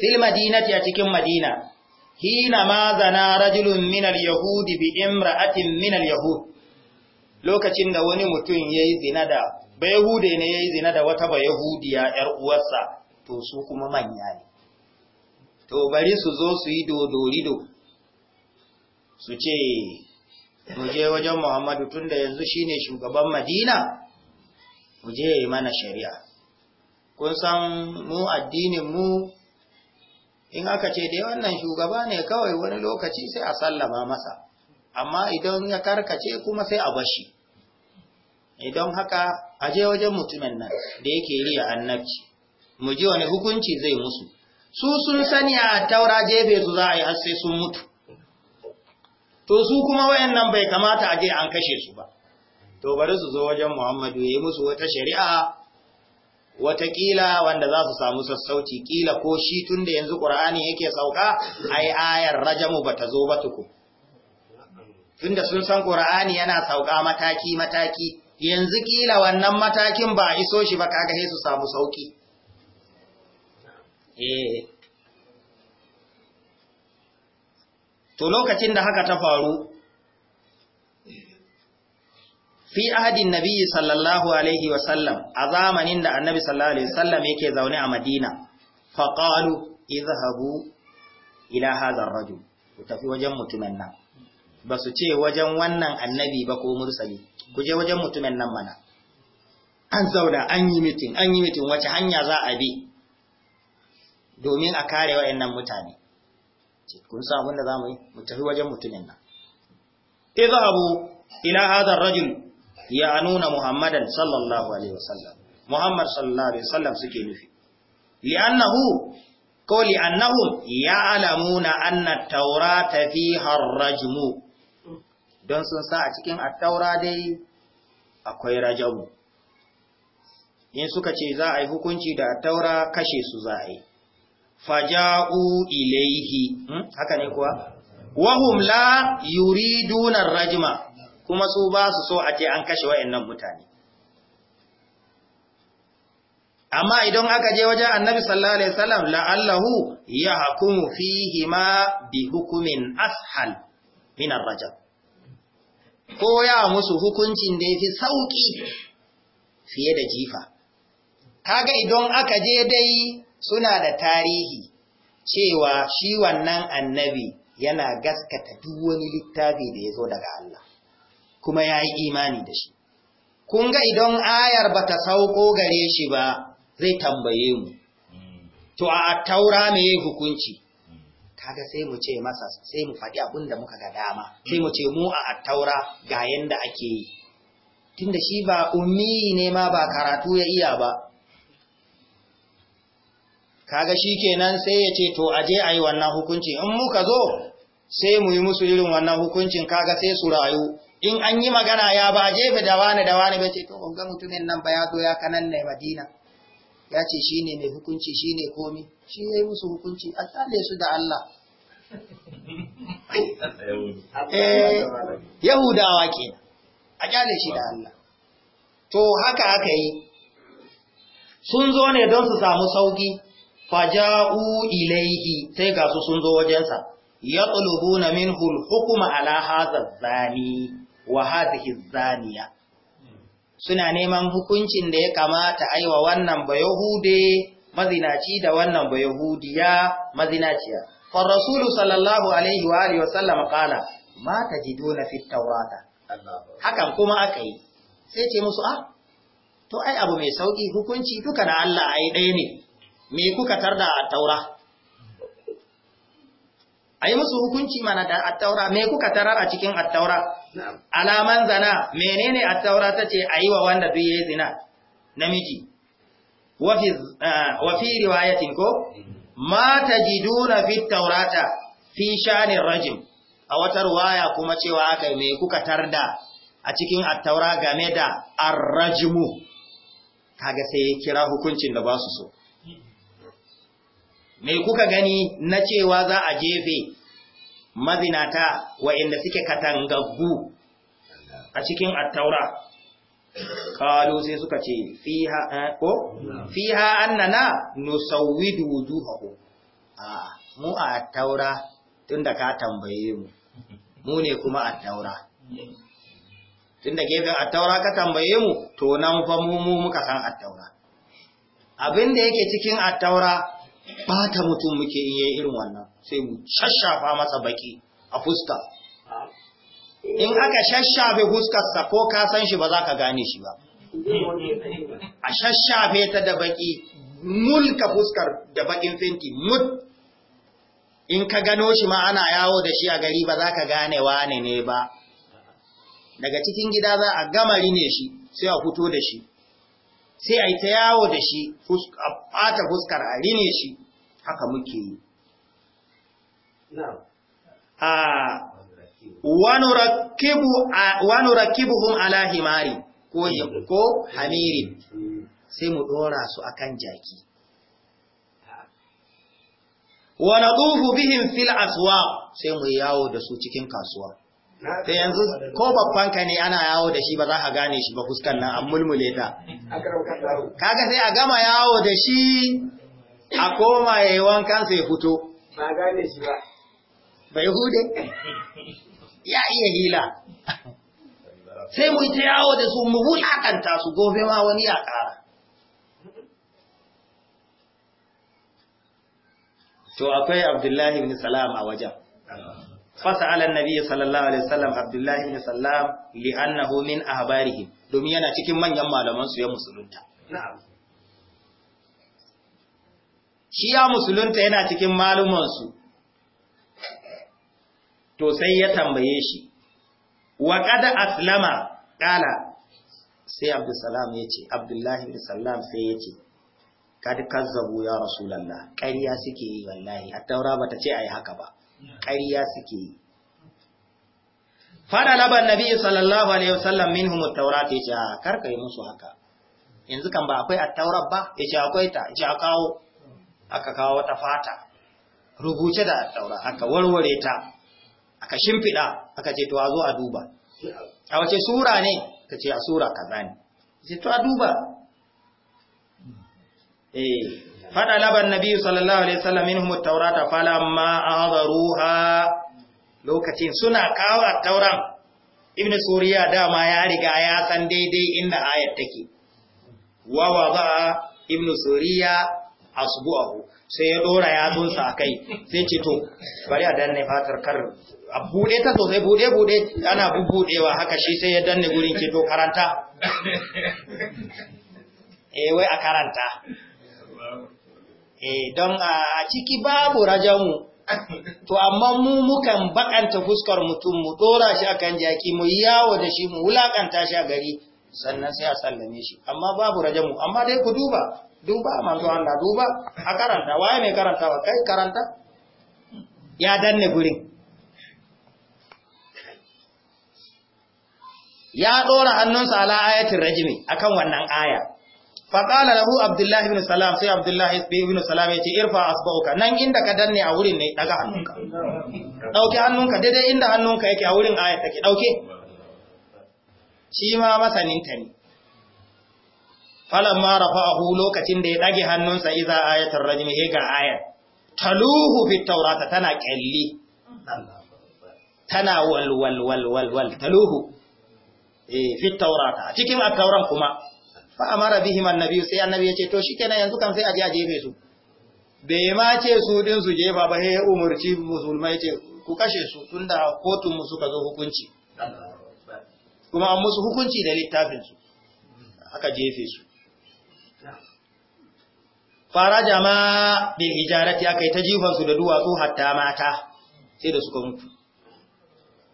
fil madinati a cikin madina hina ma zana rajulun minar yahudi bi imra'atin minar yahudi lokacin da wani mutum ya yi zina da bayahude ne ya yi zina da wata bayahudiya ‘yar uwarsa to su kuma manya ne to bari su zo su yi dodorido su ce muje wajen muhammadu tun da yanzu shine shugaban madina muje ya yi mana shari'a kun san mu addinin mu in aka ce dai wannan shugaba ne kawai wani lokaci sai a sallama masa amma idan ya karkace kuma sai a bashi idan haka a je wajen mutumin nan da yake riya annabci mu ji wani hukunci zai musu su sun sani a taura jebe su za a yi har sai sun mutu to su kuma wayannan bai kamata a je an kashe su ba to bari su zo wajen Muhammadu ya yi musu wata shari'a wata watakila wanda za su samu sassauci kila ko shi tunda yanzu ƙur'ani yake sauka ai ayar rajamu bata zo ba tukun tunda sun san Qur'ani yana sauka mataki mataki yanzu kila wannan matakin ba iso shi ba kaga sai su samu sauki eh to lokacin da haka ta faru fi ahadin nabiyyi sallallahu alaihi wa sallam a zamanin da annabi sallallahu alaihi wa sallam yake zaune a madina qalu idhhabu ila hadha ar-rajul ku tafi wajen mutumin nan ba su ce wajen wannan annabi ba ko mursali ku je wajen mutumin nan mana an zauna an yi mitin an yi mitin wace hanya za a bi domin a kare waɗannan mutane kun sa abin da za mu yi mu tafi wajen mutumin nan idhabu ila hadha ar-rajul ya anuna muhammadan sallallahu alaihi wasallam muhammad sallallahu alaihi wasallam suke nufi li'annahu ko li'annahum ya'lamuna anna at-taurata fiha ar-rajmu don sun sa a cikin attaura dai akwai rajabu in suka ce za a yi hukunci da attaura kashe su za a yi faja'u ilaihi hmm? haka ne kuwa wahum la yuriduna rajma kuma su ba su so a ce an kashe wayannan mutane amma idan aka je wajen annabi sallallahu alaihi wasallam la'allahu yahkumu fihi ma bi hukumin ashal min ar-rajab koya musu hukuncin da ya fi sauƙi fiye da jifa. Kaga idan aka je dai suna da tarihi cewa shi wannan annabi yana gaskata duk wani littafi da ya zo daga Allah, kuma ya yi imani da shi. Kun ga idan ayar ba ta sauko gare shi ba zai tambaye mu, to a taura mai hukunci. kaga sai mu ce masa sai mu faɗi abin da muka ga dama mm. sai mu ce mu a attaura ga yanda ake yi tunda shi ba ummi ne ma ba karatu ya iya ba kaga shi kenan sai ya ce to aje ayi wannan hukunci in muka zo sai mu yi musu irin wannan hukuncin kaga sai su rayu in an yi magana ya ba jefe da wani da wani bai ce to ga mutumin nan ba ya zo ya kanan ne Madina ya ce shi ne mai hukunci shi ne komi shi ya yi musu hukunci a tsale su da Allah *laughs* eh, yahudawa ke a kyale shi da Allah to haka aka yi sun zo ne don su samu sauki faja'u ilaihi sai ga su sun zo wajensa ya na min hulhukuma ala hazar zani wa hazihi zaniya suna neman hukuncin da ya kamata aiwa wannan ba Yahude mazinaci da wannan ba Yahudiya mazinaciya. Kwan Rasulu sallallahu Alaihi wa Alaihi wasallam kala, mata ji dole fit taurata. Hakan kuma aka yi, sai ce musu, ah, to ai abu mai sauƙi hukunci duka na Allah ai ɗaya ne, me kuka tarda a taura? a yi musu hukunci mana da attaura me kuka tarar a cikin attaura alaman zana menene attaura ta ce a yi wa wanda duk ya yi zina namiji wafi eh, riwayatin ko ma ta ji fi taurata fi shanin rajim a wata ruwaya kuma cewa aka me kuka tarda a cikin attaura game da arrajimu kaga sai kira hukuncin da ba su so me kuka gani na cewa za a jefe mazinata wa'inda suke katangaggu a cikin attaura kalu sai suka ce fiha eh, ko fiha annana nusawwidu wujuhahu a mu a attaura tunda ka tambaye mu mu ne kuma attaura tunda gefen attaura ka tambaye mu to nan fa mu mu muka san attaura abin da yake cikin attaura bata mutum muke in yi irin wannan sai mu shashafa masa baki a fuska in aka shashafe fuskarsa ko ka san shi ba za ka gane shi ba a shashafe ta da baki mulka fuskar da bakin fenti mut in ka gano shi ma ana yawo da shi a gari ba za ka gane wane ne ba daga cikin gida za a gamari ne shi sai a fito da shi sai a yi ta yawo da shi a ɓata fuskar a rine shi haka muke yi wani hun alahimari ko hamirin sai mu dora su akan jaki wani ɗuhu bihin fil aswa sai mu yawo da su cikin kasuwa ta yanzu ko babban ne ana yawo da shi ba za a gane shi ba fuskan nan an mulmule ta kaga sai a gama yawo da shi a koma ya yi wankan sai fito ba gane shi ba bai hude ya iya hila sai mu ta yawo da su mu wulakanta su gobe ma wani ya ƙara to akwai abdullahi bin salam a wajen fasa fasa'ala annabi sallallahu alaihi wasallam abdullahi bin salam li'annahu min ahbarihim domin yana cikin manyan malaman su ya musulunta na'am shi ya musulunta yana cikin malumansu to sai ya tambaye shi wa kada aslama ƙala, sai abdulsalam ya ce abdullahi abdulsalam sai ya ce kada kazzabu ya rasulallah ƙarya suke yi wallahi a taura ba ta ce a yi haka ba ƙarya suke yi fara labar nabi sallallahu alaihi wasallam minhum at ta yi ce ah, karka yi musu haka yanzu kan ba akwai a taura ba ya ce akwai ta ya ce a kawo aka kawo wata fata rubuce da daura aka warware ta aka shimfida aka ce to a zo a duba a wace sura ne ka ce a sura kaza ne ce to a duba eh fada laban nabi sallallahu alaihi wasallam minhum at-taurata falamma ahdaruha lokacin suna kawo at-tauran ibnu suriya dama ya riga ya san daidai inda ayat take wa wada'a ibnu suriya asbu'ahu sai ya dora zo a kai sai ce to bari a danne fatar kar a bude ta sosai bude bude ana bubudewa haka shi sai ya danne gurin ke to karanta eh wai a karanta eh don a ciki babu rajamu to amma mu mukan bakanta fuskar mutum mu dora shi akan jaki mu yawo da shi mu wulakanta shi a gari sannan sai a sallame shi amma babu rajamu amma dai ku duba duba manzo Allah duba a karanta waye mai wa kai karanta ya danne gurin ya dora hannunsa ala ayatin rajmi akan wannan aya fa qala lahu abdullahi ibn salam sai abdullahi ibn salam yace irfa asbauka nan inda ka danne a wurin ne daga hannunka dauke hannunka daidai inda hannunka yake a wurin ayat take dauke shi ma masanin ta ne Falan a rafa'ahu lokacin da ya dage hannunsa iza ayatul rajm he ga ayat taluhu fit tawrata tana kalli tana wal wal wal wal wal taluhu eh fit tawrata cikin at kuma fa amara bihi annabi sai annabi ya ce to shikenan yanzu kan sai aje a su bai ma ce su din su jefa ba he umurci musulmai ce ku kashe su tunda kotun mu suka zo hukunci kuma an musu hukunci da littafin su aka jefe su fara jama bil hijarati aka yi ta jifansu da duwatsu hatta mata sai da suka mutu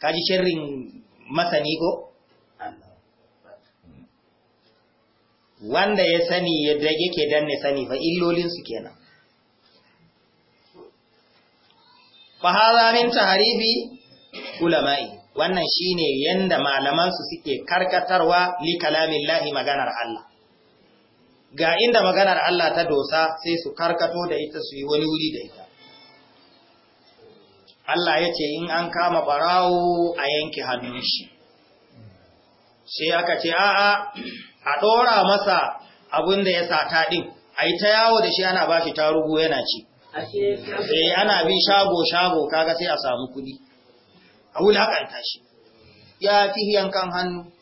kaji sharrin masani ko wanda ya sani yadda yake danne sani fa illolinsu kenan fa hadha min tahribi ulama'i wannan shine yanda malaman su suke karkatarwa li kalamillahi maganar Allah ga inda maganar Allah ta dosa sai su karkato da ita su yi wani wuri da ita. Allah ya ce in an kama barawo a yanki hannun shi. Sai aka ce, A'a, a ɗora masa abin da ya sata ɗin, a yi ta yawo da shi ana ba shi tarugu yana ci. Sai eh, ana bi shago-shago kaga sai a samu kuɗi, a wulakanta shi, ya fi yankan hannu.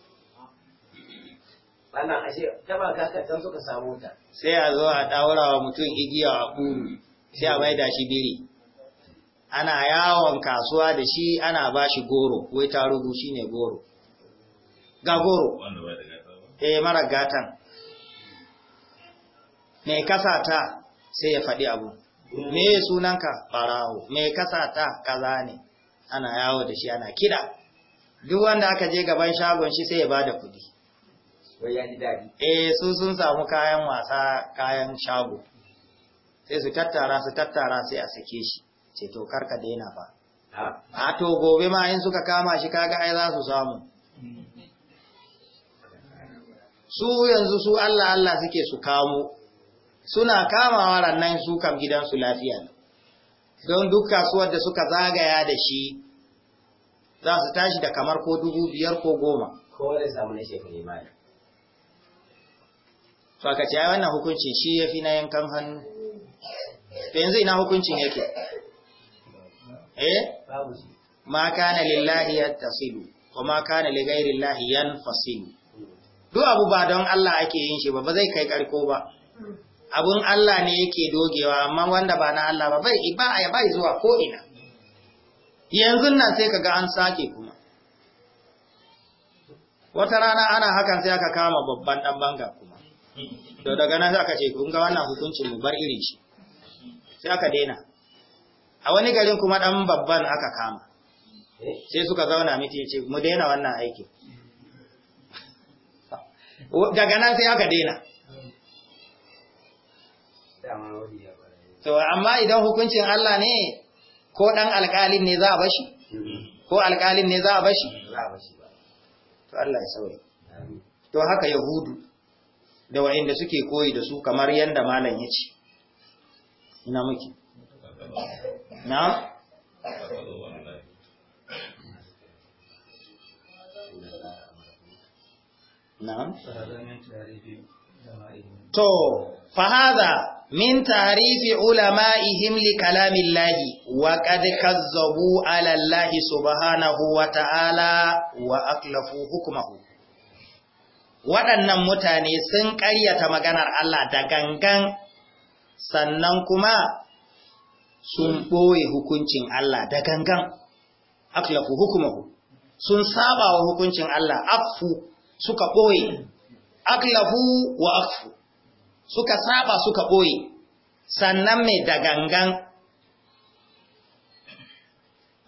wannan ashe ta ba can suka samu ta sai a zo a daura wa mutum igiya a buru sai a shi biri ana yawon kasuwa da shi ana ba shi goro wai tarugu ne goro ga goro eh mara gatan mai ta sai ya faɗi abu me sunanka Me mai ta kaza ne ana yawo da shi ana kiɗa. duk wanda aka je gaban shagon shi sai ya bada kuɗi eh su sun samu kayan wasa kayan shago sai su tattara su tattara sai a sake shi ce to karka daina ba a to gobe ma in suka kama shi kaga ai za su samu su yanzu su Allah Allah suke su kamo suna kamawa nan su kam gidansu lafiya don duk kasuwar da suka zagaya da shi za su tashi da kamar ko dubu biyar ko goma samu na shekaru so aka ce wannan hukuncin shi ya fi na yankan hannu to yanzu ina hukuncin yake eh ma kana lillahi yattasilu wa ma kana li ghairi llahi yanfasilu duk abu ba don Allah ake yin shi ba ba zai kai karko ba abun Allah ne yake dogewa amma wanda ba na Allah ba bai ba ya bai zuwa ko ina yanzu nan sai kaga an sake kuma wata rana ana hakan sai aka kama babban dan banga kuma to daga nan zaka ce kun ga wannan hukuncin mu bar irin shi sai aka daina a wani garin kuma dan babban aka kama sai suka zauna miti ce mu daina wannan aiki daga nan sai aka daina to amma idan hukuncin Allah ne ko dan alƙalin ne za a bashi ko alƙalin ne za a bashi to Allah ya sauya to haka yahudu da wa'inda suke koyi da su kamar yadda malam ya ce ina muke na na to fahaza min tarifi ulama'ihim li kalamillahi wa qad kazzabu ala allahi subhanahu wa ta'ala wa aklafu hukmahu waɗannan mutane sun ƙaryata maganar Allah da gangan sannan kuma sun ɓoye hukuncin Allah da gangan aklafu hukumahu sun saba wa hukuncin Allah afu suka ɓoye aklafu wa afu suka saba suka ɓoye sannan mai da gangan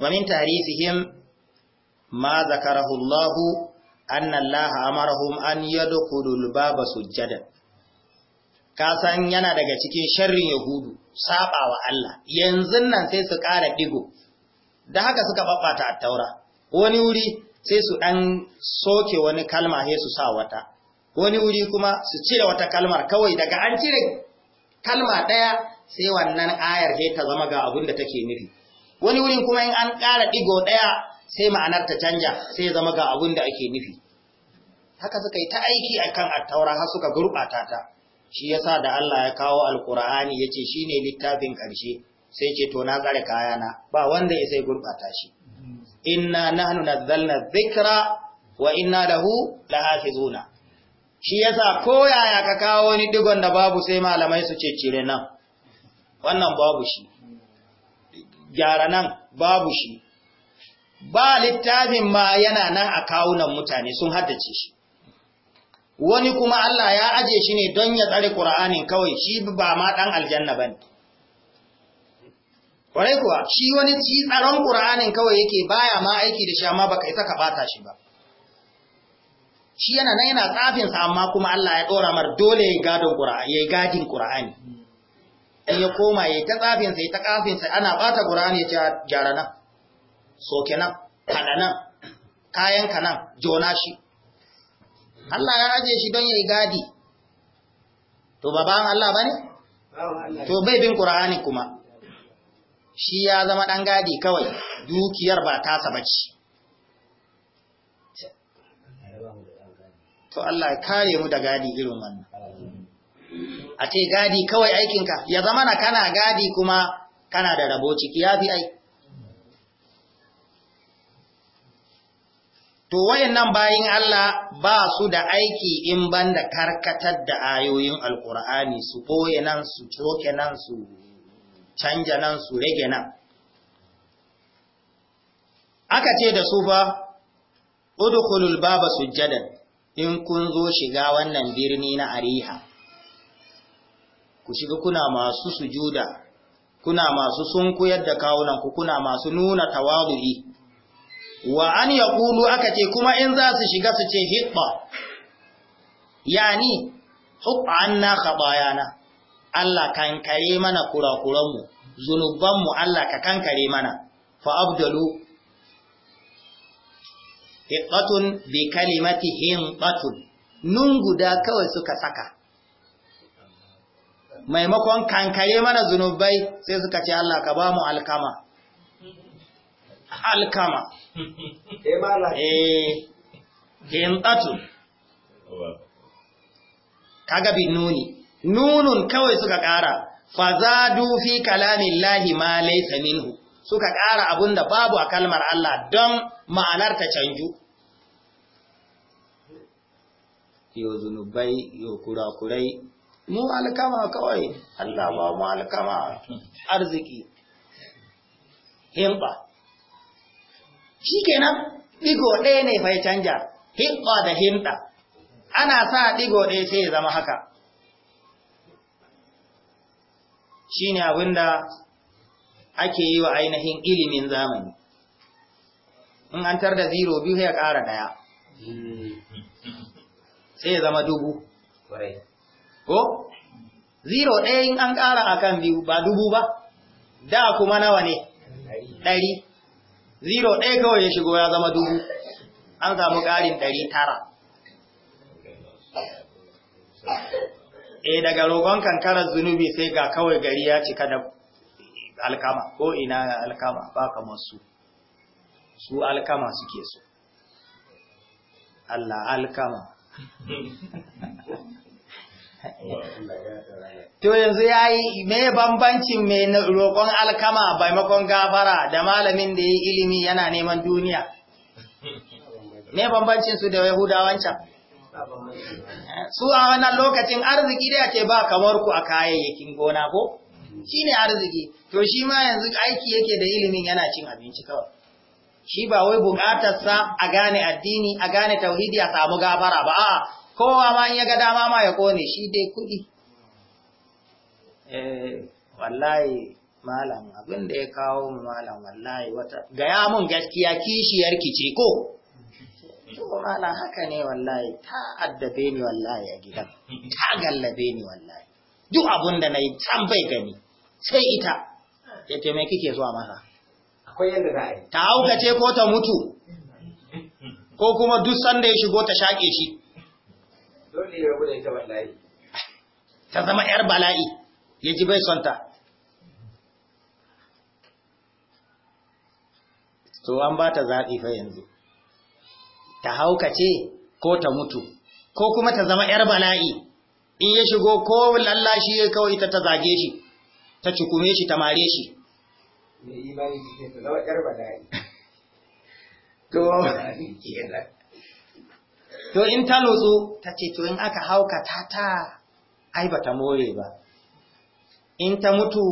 wa min tarifihim ma zakarahu Allahu anna Allah amarahum an yadkhulul baba sujjadan ka san yana daga cikin sharrin yahudu wa Allah yanzu nan sai su ƙara digo da haka suka babbata taura. wani wuri sai su dan soke wani kalma sai su sa wata wani wuri kuma su cire wata kalmar kawai daga an cire kalma daya sai wannan ayar sai ta zama ga abin da take nufi wani wurin kuma in an ƙara digo daya sai ma'anar ta canja sai ya zama ga abin da ake nufi haka suka yi ta aiki akan attaura har suka gurɓata ta shi yasa da Allah ya kawo alkur'ani yace shine littafin ƙarshe sai ce to na tsare kayana ba wanda ya sai gurɓata shi inna nahnu nazzalna dhikra wa inna lahu lahafizuna shi yasa yaya ka kawo wani digon da babu sai malamai su ce cire nan wannan babu shi gyara nan babu shi ba littafin ma yana nan a kawunan mutane sun haddace shi wani kuma Allah ya aje shi ne don ya tsare Qur'anin kawai shi ba ma dan aljanna ne. Ƙwarai kuwa shi wani ci tsaron Qur'anin kawai yake baya ma aiki da shama ba baka isa ka bata shi ba shi yana nan yana tsafinsa amma kuma Allah ya ɗora mar dole ya gadon gadin ƙura'ani. in ya koma yi ta tsafinsa, ya ta ƙafinsa ana bata ƙura'ani ya gyara nan soke nan kada nan kayan ka nan jona shi Allah ya aje shi don yayi gadi to baban Allah bane to bai bin Qur'ani kuma shi ya zama dan gadi kawai dukiyar ba ta saba ci to Allah ya kare mu da gadi irin wannan a ce gadi kawai aikinka ya zama na kana gadi kuma kana da rabo ciki ya fi aiki To wayannan bayin Allah ba su da aiki in banda karkatar da ayoyin Alƙur'ani su ɓoye nan su coke nan su canja nan su rage nan. Aka ce da su ba, Udukulul baba sujjadan in kun zo shiga wannan birni na Ariha, ku shiga kuna masu sujuda, kuna masu sunkuyar da kawunanku, kuna masu nuna tawadu'i. wa an kulu aka ce kuma in za su shiga su ce hiqqa yani hubba anna khabayana Allah kankare mana kurakuranmu zunubanmu Allah ka kankare mana fa abdalu hiqqatun bi kalimati hinqatun nun guda kawai suka saka maimakon kankare mana zunubai sai suka ce Allah ka bamu alkama alkama Eh, eh Kaga bin nuni, nunun kawai suka ƙara, za fi kalamin lahi ma laisa minhu, suka ƙara abun da babu a kalmar Allah don ma'anar ta canju. Yo zunubai, yo kurakurai, mu alkama kawai, Allah ba mu alkama arziki, himba. shi kenan ɗigo ɗaya ne bai canja himɓa da hinɗa. ana sa ɗigo ɗaya sai ya zama haka shi ne abinda ake yi wa ainihin ilimin zamani in an tar da zero biyu ya ƙara ɗaya sai ya zama dubu ko zero ɗaya in an ƙara akan biyu ba dubu ba da kuma nawa ne ɗari zero ɗaya kawai ya shigo ya zama dubu an samu ƙarin ɗari tara e daga rogon kankarar zunubi sai ga kawai gari ya cika da alkama ko ina alkama ba kamar su su alkama suke su, Allah alkama to yanzu ya yi me bambancin mai roƙon alkama baimakon gafara da malamin da ya yi ilimi yana neman duniya me bambancin su da yahudawancan su a wannan lokacin arziki da ce ba kamar ku a kayayyakin gona ko shi ne arziki to shi ma yanzu aiki yake da ilimin yana cin abinci kawai shi ba wai bukatarsa a gane addini a gane tauhidi a samu gafara ba a'a kowa ma in ya ga dama ma ya kone shi dai kuɗi eh wallahi malam abin da ya kawo mu malam wallahi wata gaya mun gaskiya kishiyar kice ko to malam haka ne wallahi ta addabe ni wallahi a gidan ta gallabe ni wallahi duk abun da nayi can bai gani sai ita ya ce mai kike zuwa masa akwai yanda za a yi ta aukace ko ta mutu ko kuma duk sanda ya shigo ta shaƙe shi ta zama yar bala'i ya ji bai son ta to an ba ta zaɓi fa yanzu ta haukace ko ta mutu ko kuma ta zama yar bala'i in ya shigo ko lallashi ya kawai ita ta zage shi ta cukume shi ta mare shi ta *laughs* to *laughs* to in ta nutsu ta ce to in aka hauka ta ta ai ba ta more ba in ta mutu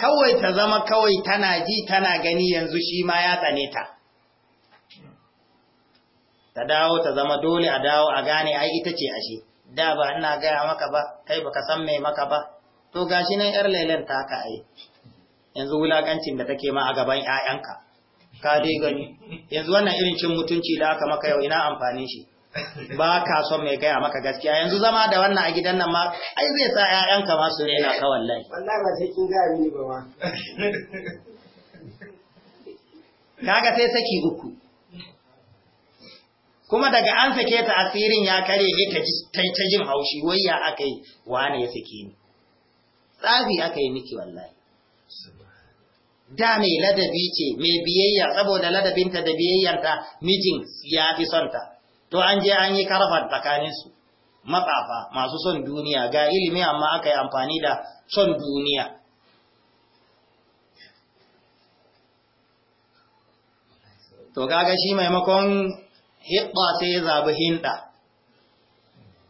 kawai ta zama kawai tana ji tana gani yanzu shi ma ya tsane ta ta dawo ta zama dole a dawo a gane ai ita ce ashe da ba ina gaya maka ba kai baka san mai maka ba to gashi nan yar lailan ta ka ai yanzu wulakancin da take ma a gaban 'ya'yanka. ka dai gani yanzu wannan irin cin mutunci da aka maka yau ina amfanin shi ba ka son mai gaya maka gaskiya yanzu zama da wannan a gidan nan ma ai zai sa ƴaƴanka ma su rena ka wallahi wallahi ba sai kin ga ni ba ma kaga sai saki uku kuma daga an sake ta asirin ya kare ne ta ta jin haushi wayya akai wane ya sake ni tsafi akai miki wallahi da mai ladabi ce mai biyayya saboda ladabinta da biyayyanta mijin ya fi son ta to an je an yi tsakanin tsakaninsu matsafa masu son duniya ga ilimi amma aka yi amfani da son duniya to kaga shi maimakon hibba sai ya zabi hinda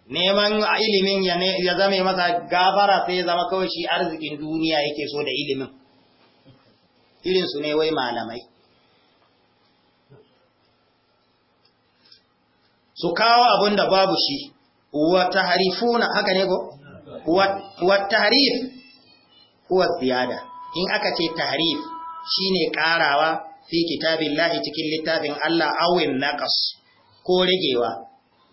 neman ilimin ya zame masa gafara sai ya zama kawai shi arzikin duniya yake so da ilimin irinsu ne wai malamai su kawo abin da babu shi wata harifuna haka ne ko wata harif kuwa ziyada in aka ce taharif shine karawa fi kitabillahi cikin littafin Allah awin naqas ko rigewa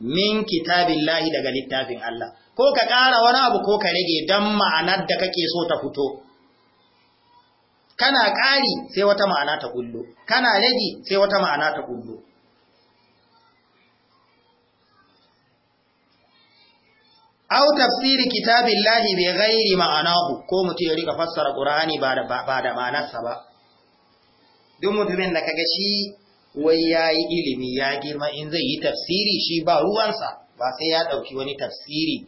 min kitabillahi daga littafin Allah ko ka kara wani abu ko ka rage dan ma'anar da kake so ta fito kana ƙari sai wata ma'ana ta kullo kana rage sai wata ma'ana ta kullo au tafsiri kitabillahi bi ghairi ma'anahu ko mutum ya rika fassara qur'ani ba da ba ma'anarsa ba duk mutumin da kaga shi wai yayi ilimi ya girma in zai yi tafsiri shi ba ruwansa ba sai ya ɗauki wani tafsiri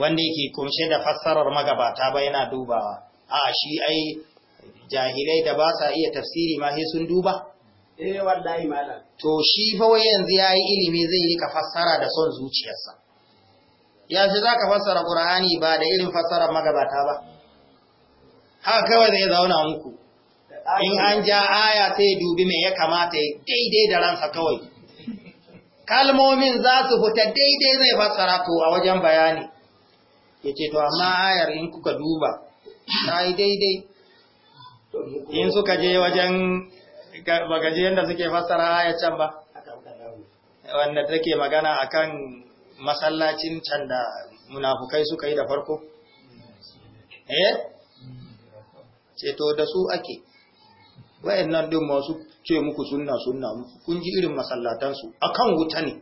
wanda yake kunshe da fassarar magabata ba yana dubawa a shi ai jahilai da ba sa iya tafsiri ma sai sun duba eh wallahi malam to shi fa wai yanzu yayi ilimi zai rika fassara da son zuciyarsa yaushe za ka fassara ƙura'ani ba da irin fassara magabata ba haka kawai zai zauna muku in an ja aya sai dubi mai ya kamata ya daidai da ransa kawai kalmomin za su fita daidai zai fassara ko a wajen bayani ya ce to amma ayar in kuka duba ta yi daidai in suka je wajen bagaji yadda suke fassara ayar can ba wanda take magana akan masallacin can da munafukai suka yi da farko? Eh? Ceto da su ake, wa’in nan ɗin masu ce muku sunna sunna kun ji irin masallatansu a kan wuta ne,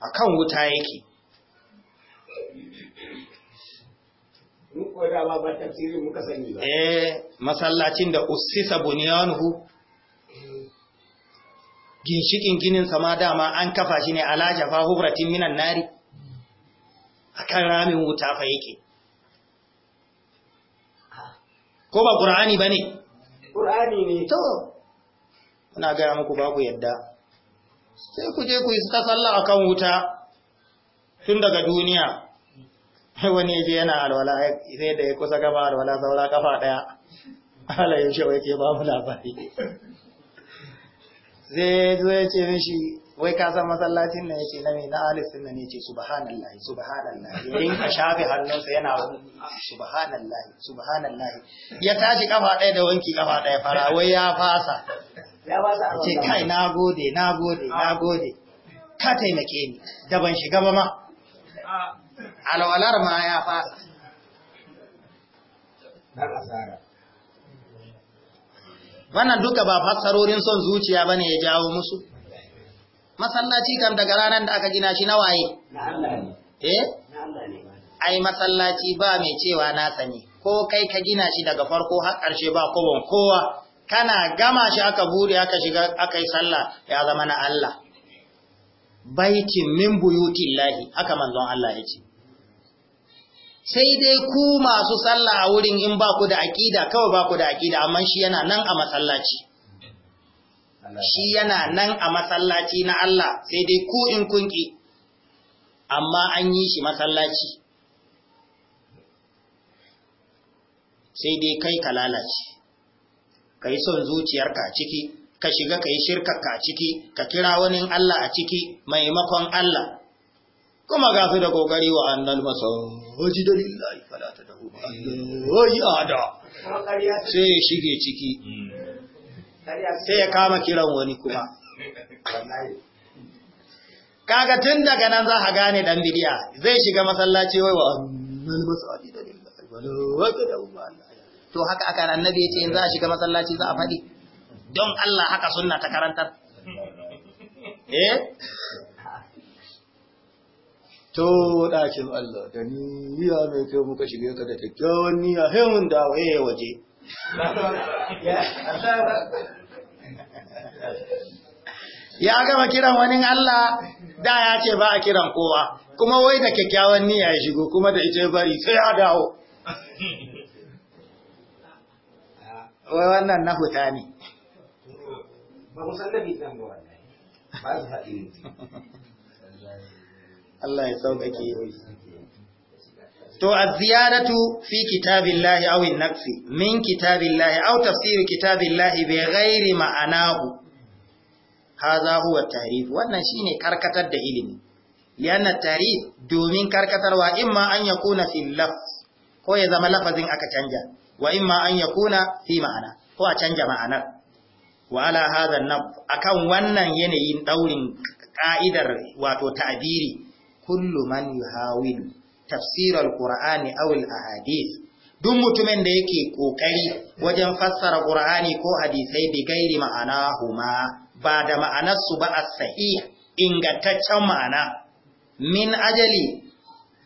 a kan wuta yake. Eh, masallacin da usisa buniyanuhu ginshikin ginin sama dama an kafa shi ne alaja fa hubratin minan nari akan ramin wuta fa yake ko ba qur'ani bane qur'ani ne to ina ga muku ba ku yadda sai ku je ku yi ta sallah akan wuta tun daga duniya wani yaje yana alwala sai da ya kusa gaba alwala saura kafa daya ala yaushe wai ke ba mu labari zai zo ya ce mishi wai ka san masallacin nan yace na me na ahli sunna ne yace subhanallah subhanallah ya rinka shafe hannunsa yana subhanallah subhanallah ya tashi kafa ɗaya da wanki kafa ɗaya fara wai ya fasa ya fasa ce kai na gode na gode na ah. gode ka taimake ni da ban shiga ba ma ah. alwalar ma ya fasa na asara wannan duka ba fassarorin son zuciya bane ya jawo musu masallaci kam daga ranar da aka gina shi na waye eh ai masallaci ba mai cewa na sani ko kai ka gina shi daga farko har karshe ba kowon kowa kana gama shi aka bude aka shiga aka yi sallah ya zama na Allah baitin min buyutillahi haka manzon Allah ya ce sai dai ku masu sallah a wurin in ba ku da aƙida kawai ba ku da aƙida amma shi yana nan a masallaci shi yana nan a masallaci na Allah sai dai ku in kunki amma an yi shi masallaci sai dai kai ka lalace ka yi son zuciyarka a ciki ka shiga ka yi shirkarka a ciki ka kira wani Allah a ciki maimakon Allah kuma gafi da kokari wa annal masau wajida lillahi fala ta dahu ba wai ada sai ya shige ciki sai ya kama kiran wani kuma kaga tun daga nan za ka gane dan bidiya zai shiga masallaci wai wa annal masajidar lillahi wala wajida dahu ba to haka aka annabi yace ce in za a shiga masallaci za a faɗi don Allah haka sunna ta karantar eh to ɗakin Allah da niyya mai kyau muka shige ka da kyakkyawan niyya hewan da waye waje ya gama kiran wani Allah da ya ce ba a kiran kowa kuma wai da kyakkyawan niyya ya shigo kuma da ita ya bari sai ya dawo wai wannan na huta ne ba kusan da ba wannan ba su *laughs* Allah ya sauƙaƙe to a ziyaratu fi kitabin lahi awin nafsi min kitabin kitabillahi aw kitabin kitabillahi bai gairi ma'anahu za huwa at wannan wannan ne karkatar da ilimi lianna at domin karkatarwa ma an yakuna fi lafz ko ya zama lafazin aka canja wa in ma an yakuna fi ma'ana ko a canja ma'anar wa ala hadha an A akan wannan yanayin ɗaurin ka'idar wato ta'biri kullu man yuhawilu tafsirar Qur'ani awil ahadith duk mutumin da yake ƙoƙari wajen fassara ƙur'ani ko hadisai bi gairi ma. ba da ma'anarsu ba a sahih ingantaccen ma'ana min ajali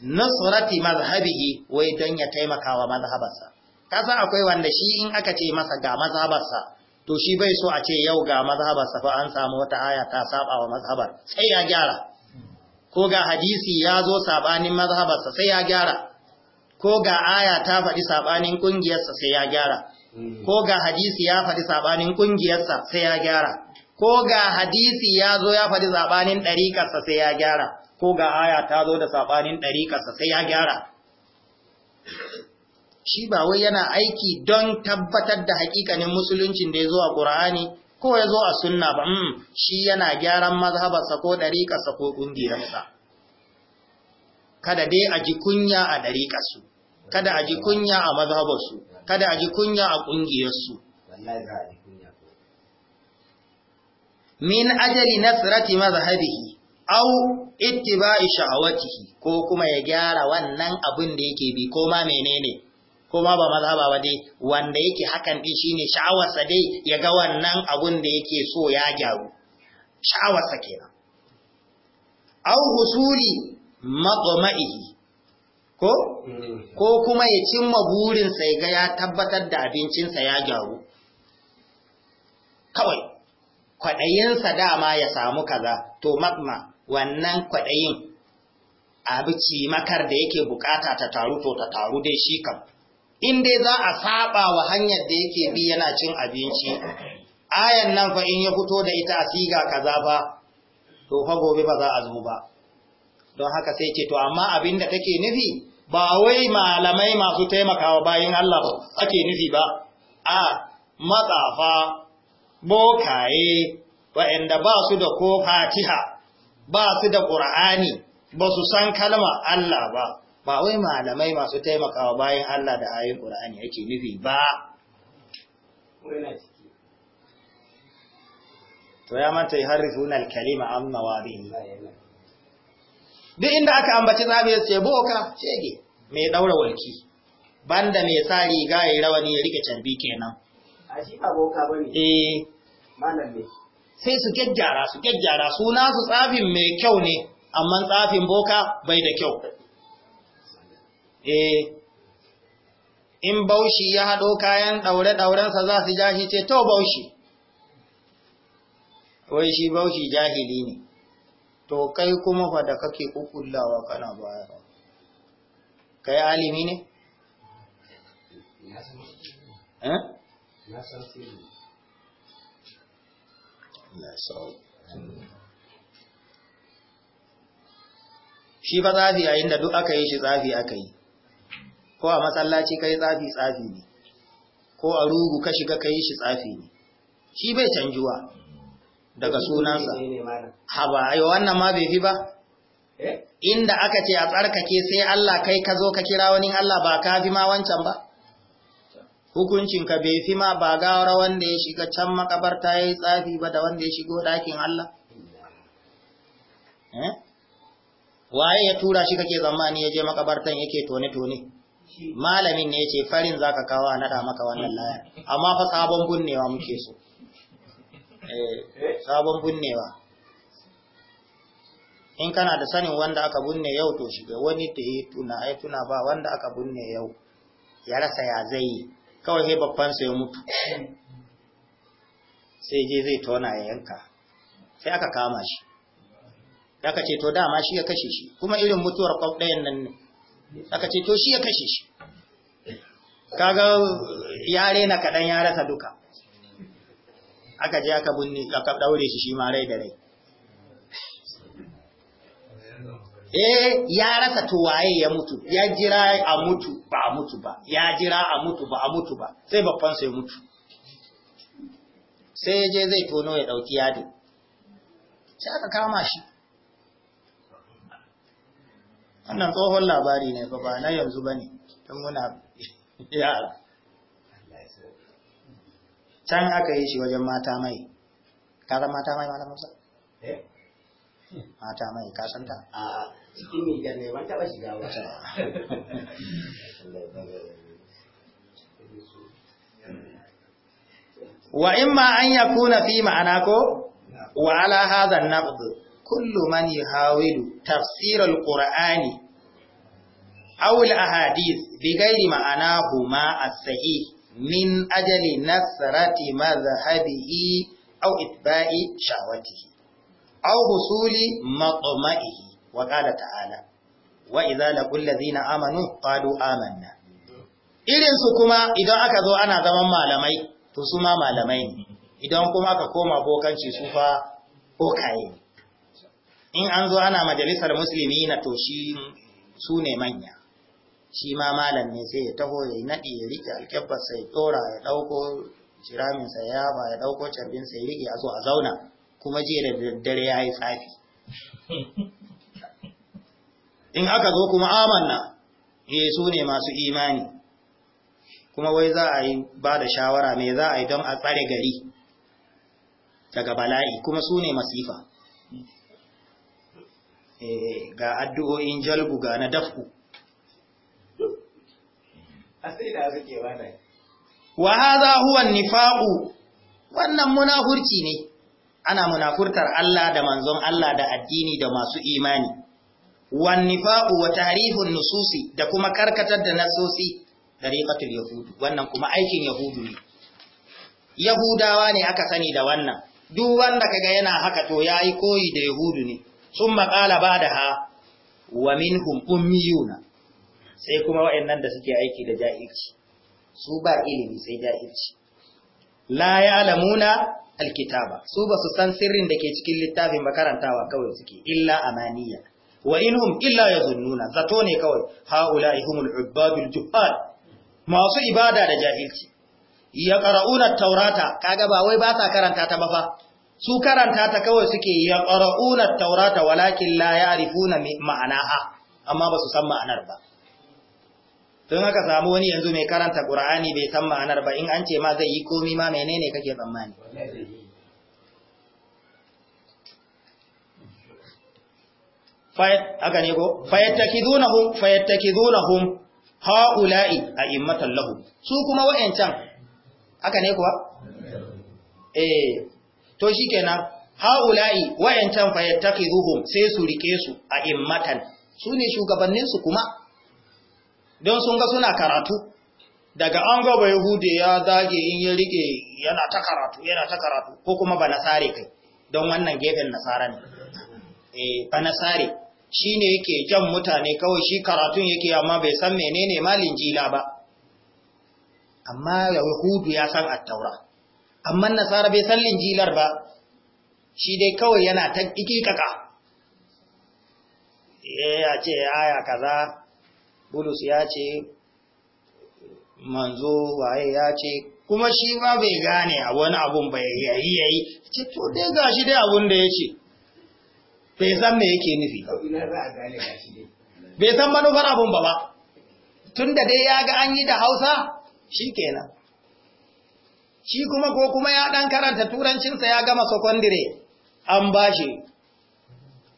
nasrati mazhabihi wai dan ya taimakawa mazhabarsa kasa akwai wanda shi in aka ce masa ga mazhabarsa to shi bai so a ce yau ga mazhabarsa fa an samu wata aya ta saba wa mazhabar sai ya gyara ko ga hadisi ya zo saɓanin mazhabarsa sai ya gyara, ko ga aya ta faɗi saɓanin ƙungiyarsa sai ya gyara, ko ga hadisi ya faɗi saɓanin ƙungiyarsa sai ya gyara, ko ga hadisi ya zo ya faɗi saɓanin ɗariƙarsa sai ya gyara, ko ga aya ta zo da saɓanin ɗariƙarsa sai ya gyara. Shi ba wai yana aiki don tabbatar da hakikanin musuluncin da ya zo a ƙura'ani? ko ya zo a sunna ba mm, shi yana gyaran mazhabarsa ko ɗariƙarsa ko ƙungiyarsa kada dai a ji kunya a ɗariƙarsu kada a ji kunya a mazhabarsu kada a ji kunya a ƙungiyarsu min ajali nasrati mazhabihi au ittiba'i shahawatihi ko kuma ya gyara wannan abin da yake bi ko ma menene ko ma ba maza ba dai wanda yake hakan ɗin shine sha'awarsa dai ya ga wannan abun da yake so ya gyaru sha'awarsa kenan au husuli maqma'ihi ko ko kuma ya cimma burinsa ya ga ya tabbatar da abincinsa ya gyaru kawai kwaɗayinsa dama ya samu kaza to magma wannan kwaɗayin abici makar da yake bukata ta taru to ta taru dai shi kam in dai za a saba wa hanyar da yake bi yana cin abinci ayan nan fa in ya fito da ita a siga kaza ba to fa gobe ba za a zo ba don haka sai ce to amma abin da take nufi ba wai malamai masu taimakawa bayin Allah ba ake nufi ba a matsafa bokaye waɗanda ba su da ko fatiha ba su da ƙur'ani ba su san kalma Allah ba ba wai malamai masu taimakawa bayan Allah da ayoyin Qur'ani yake nufi ba to ya manta yuharrifuna al-kalima an mawadihi duk inda aka ambaci zabi ya ce boka shege mai daura walki banda mai sa riga yayi rawani ya rike carbi kenan a shi ba boka bane eh ne sai su gaggyara su gaggyara suna su tsafin mai kyau ne amma tsafin boka bai da kyau eh in baushi ya haɗo kayan ɗaure-ɗaurensa za su jahi ce to baushi wai shi baushi jahili ne to kai kuma fa da kake kukullawa kana bayarwa kai alimi ne? Eh? Ya shi ba zafi yayin da duk aka yi shi zafi aka yi ko a masallaci kai tsafi tsafi ne ko a rugu ka shiga kai shi tsafi ne shi bai canjuwa daga sunansa haba yi wannan ma bai fi ba eh? inda aka ce a tsarkake sai Allah kai ka zo ka kira wani Allah ba ka fi ma wancan ba Hukuncin ka bai fi ma ba gawara wanda ya shiga can makabarta ya yi tsafi ba da wanda ya shigo ɗakin Allah eh? waye ya tura shi kake zamani ya je makabartan yake tone-tone malamin ne ce farin za ka kawo a naɗa maka wannan layar amma fa sabon bunnewa muke so eh, sabon bunnewa in kana da sanin wanda aka bunne yau to shiga wani da yi tuna ai tuna ba wanda aka bunne yau ya rasa ya zai kawai sai sa ya mutu sai je zai tona ya yanka sai aka kama shi aka ce to dama shi ya kashe shi kuma irin mutuwar kwaf ɗayan nan ne aka ce to shi ya kashe shi kaga yare na kaɗan ya rasa duka aka je aka bunni aka daure shi shi ma rai da rai eh ya rasa to waye ya mutu ya jira a mutu ba a mutu ba ya jira a mutu ba a mutu ba sai babban sai mutu sai ya je zai tono ya dauki yadi. sai aka kama shi wannan tsohon labari ne ba na yanzu ba ne don muna *laughs* yara can aka yi shi wajen mata mai kasan mata mai mata musa? Eh? mata mai kasanta? a cikin nijar ne ban taba shiga ba wa in ma an yakuna fi ma'ana ko wa ala hadha an kullu man yuhawilu tafsir al-qur'ani aw al-ahadith bighairi ma'anahu ma as-sahih min ajali nasrati madhhabihi aw itba'i shahwatihi aw husuli matma'ihi wa qala ta'ala wa idza laqul ladzina amanu qalu amanna irin kuma idan aka zo ana zaman malamai to su ma malamai ne idan kuma aka koma bokanci su fa in an zo ana majalisar musulmi na to su ne manya shi ma malam ne sai ya taho ya yi naɗi ya riƙe alƙabbarsa sai ɗora ya ɗauko shiraminsa ya ba ya ɗauko carbin ya riƙe a zo a zauna kuma jiya da dare ya yi tsafi in aka zo kuma amanna eh su ne masu imani kuma wai za a yi ba da shawara me za a yi don a tsare gari daga bala'i kuma su ne masifa Eh, ga addu'o'in jalbu ga na dafku wa haza huwa wannan munafurci ne ana munafurtar Allah da manzon Allah da addini da masu imani wan nifaqu wa tahrifun nususi da kuma karkatar da nasosi tariqatul yahud wannan kuma aikin yahudu ne yahudawa ne aka sani da wannan duk wanda kaga yana haka to yayi koyi da yahudu ne sun maƙala ba da ha wa minhum ummiyuna sai kuma wa'annan da suke aiki da jahilci su ba ilimi sai jahilci la ya'lamuna alkitaba su ba su san sirrin da ke cikin littafin makarantawa kawai suke illa amaniya wa inhum illa yazunnuna zato ne kawai haula'i humul ubbadul juhal masu ibada da jahilci ya ƙara'unar taurata kaga ba wai ba sa karanta ta mafa? su karanta ta kawai suke yaqra'una taurata walakin la ya'rifuna ma'anaha amma ba su san ma'anar ba don haka samu wani yanzu mai karanta qur'ani bai san ma'anar ba in an ce ma zai yi komi ma menene kake tsammani haka ne ko fayattakizunahum fayattakizunahum haula'i a'immatan su kuma wa'ancan haka ne kuwa eh to shi kenan haula'i wayancan ruhun sai su rike su a immatan Su shugabannin su kuma don sun ga suna karatu daga an gaba Yahudu ya zage in ya rike yana ta karatu yana ta karatu ko kuma ba nasare kai don wannan gefen nasara ne eh ba nasare ne yake jan mutane kawai shi karatun yake amma bai san menene malin jila ba amma yahudu ya san attaura amma nasara bai san linjilar ba shi dai kawai yana ta ikikaka ya ce aya kaza bulus ya ce manzo waye ya ce kuma shi ma bai gane a wani abun bai yayi yayi ce to dai gashi dai abun da ce. bai san me yake nufi bai san manufar abun ba ba tunda dai ya ga an yi da Hausa shikenan shi kuma ko kuma ya ɗan karanta turancinsa ya gama sakwandire an ba shi.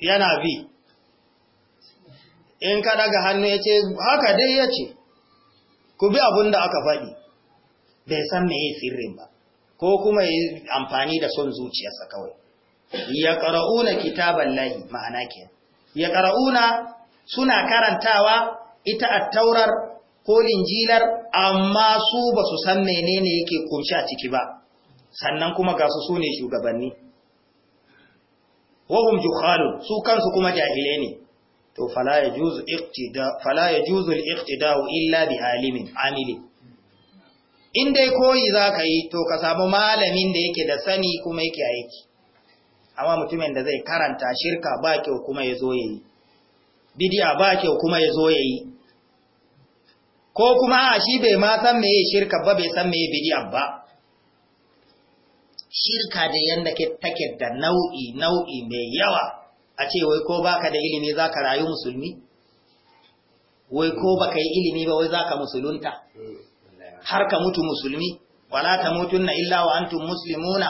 yana bi in ka daga hannu ya ce haka dai ya ce ku bi abin da aka faɗi bai san me sirrin ba ko kuma yi amfani da son zuciyarsa kawai ya ƙara'una kitaban lahi ma'ana ke ya ƙara'una suna karantawa ita a taurar ko linjilar amma su ba su san menene yake kunshi a ciki ba sannan kuma ga su sune shugabanni wahum juhalu su kansu kuma jahile ne to fala ya iqtida fala yajuzu illa bi amili dai koyi yi to ka samu malamin da yake da sani kuma yake aiki amma mutumin da zai karanta shirka ba kyau kuma yazo yayi bidiya ba kyau kuma yazo yayi ko kuma a shi bai ma san meye shirka ba bai san meye bid'a ba shirka da yanda take da nau'i nau'i mai yawa a ce wai ko baka da ilimi zaka rayu musulmi wai ko baka yi ilimi ba wai zaka musulunta har ka mutu musulmi wala ta mutunna illa wa antum muslimuna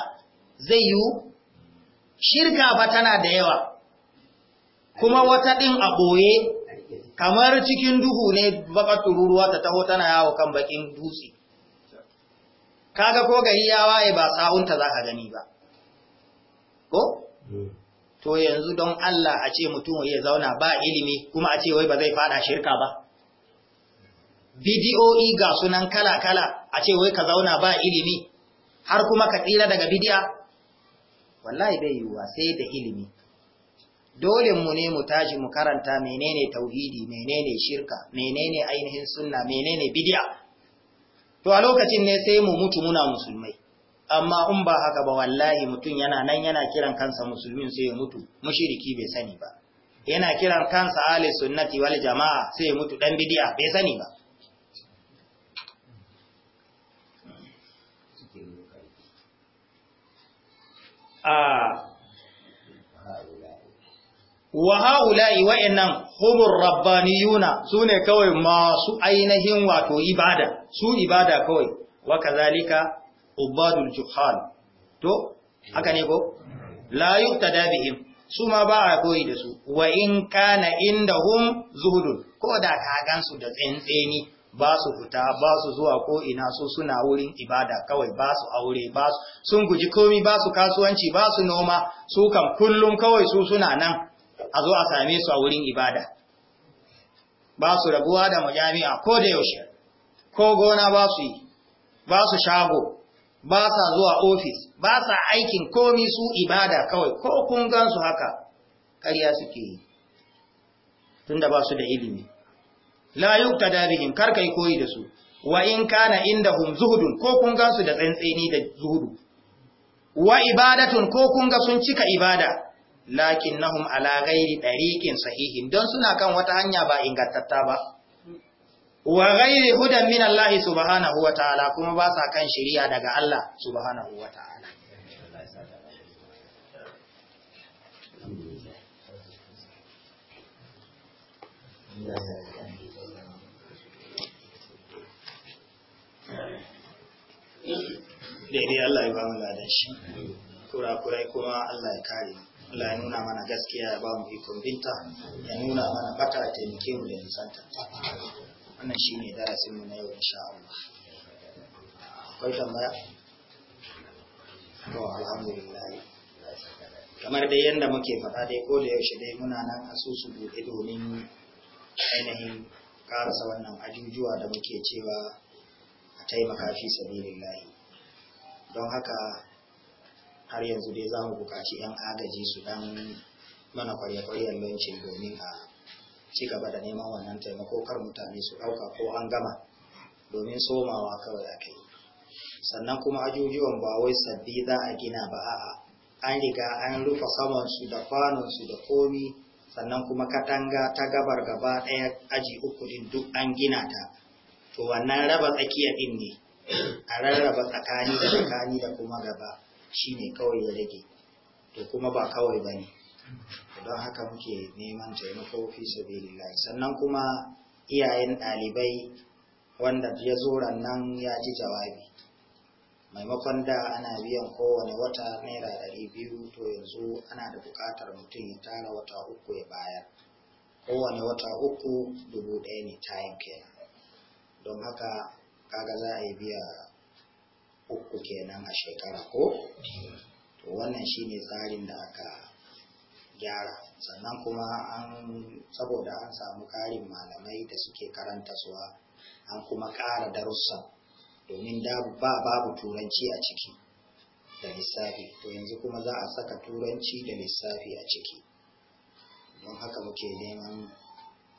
zai yiwu shirka ba tana da yawa kuma wata ɗin a ɓoye kamar cikin duhu ne baka tururuwa ta taho tana yawo kan bakin dutse kaga ko gari ya waye ba sahunta za ka gani ba ko hmm. to yanzu don Allah a ce mutum ya zauna ba ilimi kuma a ce wai ba zai fada shirka ba bidiyoyi ga sunan kala-kala a ce wai ka zauna ba ilimi har kuma ka tsira daga bidiya wallahi bai yiwuwa sai da ilimi dole mu ne mu tashi mu karanta menene tauhidi menene shirka menene ainihin sunna menene bid'a to a lokacin ne sai mu mutu muna musulmai amma in ba haka ba wallahi mutum yana nan yana kiran kansa musulmin sai ya mutu mushriki bai sani ba yana kiran kansa ahli sunnati wal jamaa sai ya mutu dan bid'a bai sani ba a ah, wa haula'i wa'annan humur rabbaniyuna sune kawai masu ainihin wato ibada su ibada kawai wa kazalika ubadul juhal to haka ne ko la ta bihim su ma ba a koyi da su wa in kana indahum zuhudun ko da ka gansu da tsentseni ba su fita ba su zuwa ko ina so suna wurin ibada kawai ba su aure ba su sun guji komi ba su kasuwanci ba su noma su kam kullum kawai su suna nan a zo a same su a wurin ibada ba su rabuwa da majami'a ko da yaushe ko gona ba su yi ba su shago ba sa zuwa ofis ba sa aikin komi su ibada kawai ko kun gansu haka ƙarya suke yi tunda ba su da ilimi la yuktada bihim kar yi koyi da su wa in kana indahum zuhudun ko kun gansu da tsantseni da zuhudu wa ibadatun ko kun ga sun cika ibada lakin nahum ala ghairi ɗariƙin sahihin don suna kan wata hanya ba ingantatta ba wa ghairi hudan min Allah subhanahu wa ta'ala kuma ba sa kan shari'a daga Allah subhanahu wa ta'ala daidai Allah ya ba mu ladashi, kura kurakurai kuma Allah ya kare mu Allah nuna mana gaskiya ya ba mu ikon binta ya nuna mana bata ya taimake mu da nisanta wannan shine darasin mu na yau insha Allah akwai tambaya to alhamdulillah kamar dai yanda muke faɗa dai ko da yaushe dai muna nan asusu buɗe domin ainihin karasa wannan ajujuwa da muke cewa a taimaka fi sabilillahi don haka har yanzu dai za mu buƙaci 'yan agaji su dan mana kwarya-kwaryar launching domin a ci gaba da neman wannan taimako kar mutane su ɗauka ko an gama domin somawa kawai ake yi sannan kuma ajujuwan ba wai sabbi za a gina ba a'a an riga an rufe samansu da kwanonsu da komi sannan kuma katanga ta gabar gaba ɗaya aji uku din duk an gina ta to wannan raba tsakiya din ne a rarraba tsakani da tsakani da kuma gaba shi ne kawai ya rage to kuma ba kawai ba ne don haka muke neman taimako fi sabilillahi sannan kuma iyayen ɗalibai wanda ya zo nan ya ji jawabi maimakon da ana biyan kowane wata naira ɗari biyu to yanzu ana da buƙatar mutum ya tara wata uku ya bayar kowane wata uku dubu ɗaya ne tayin kenan don haka kaga za a yi biya uku kenan a shekara ko to wannan shine tsarin da aka gyara sannan kuma an saboda an samu ƙarin malamai da suke karanta suwa an kuma ƙara darussan domin ba babu turanci a ciki da lissafi to yanzu kuma za a saka turanci da lissafi a ciki don haka muke neman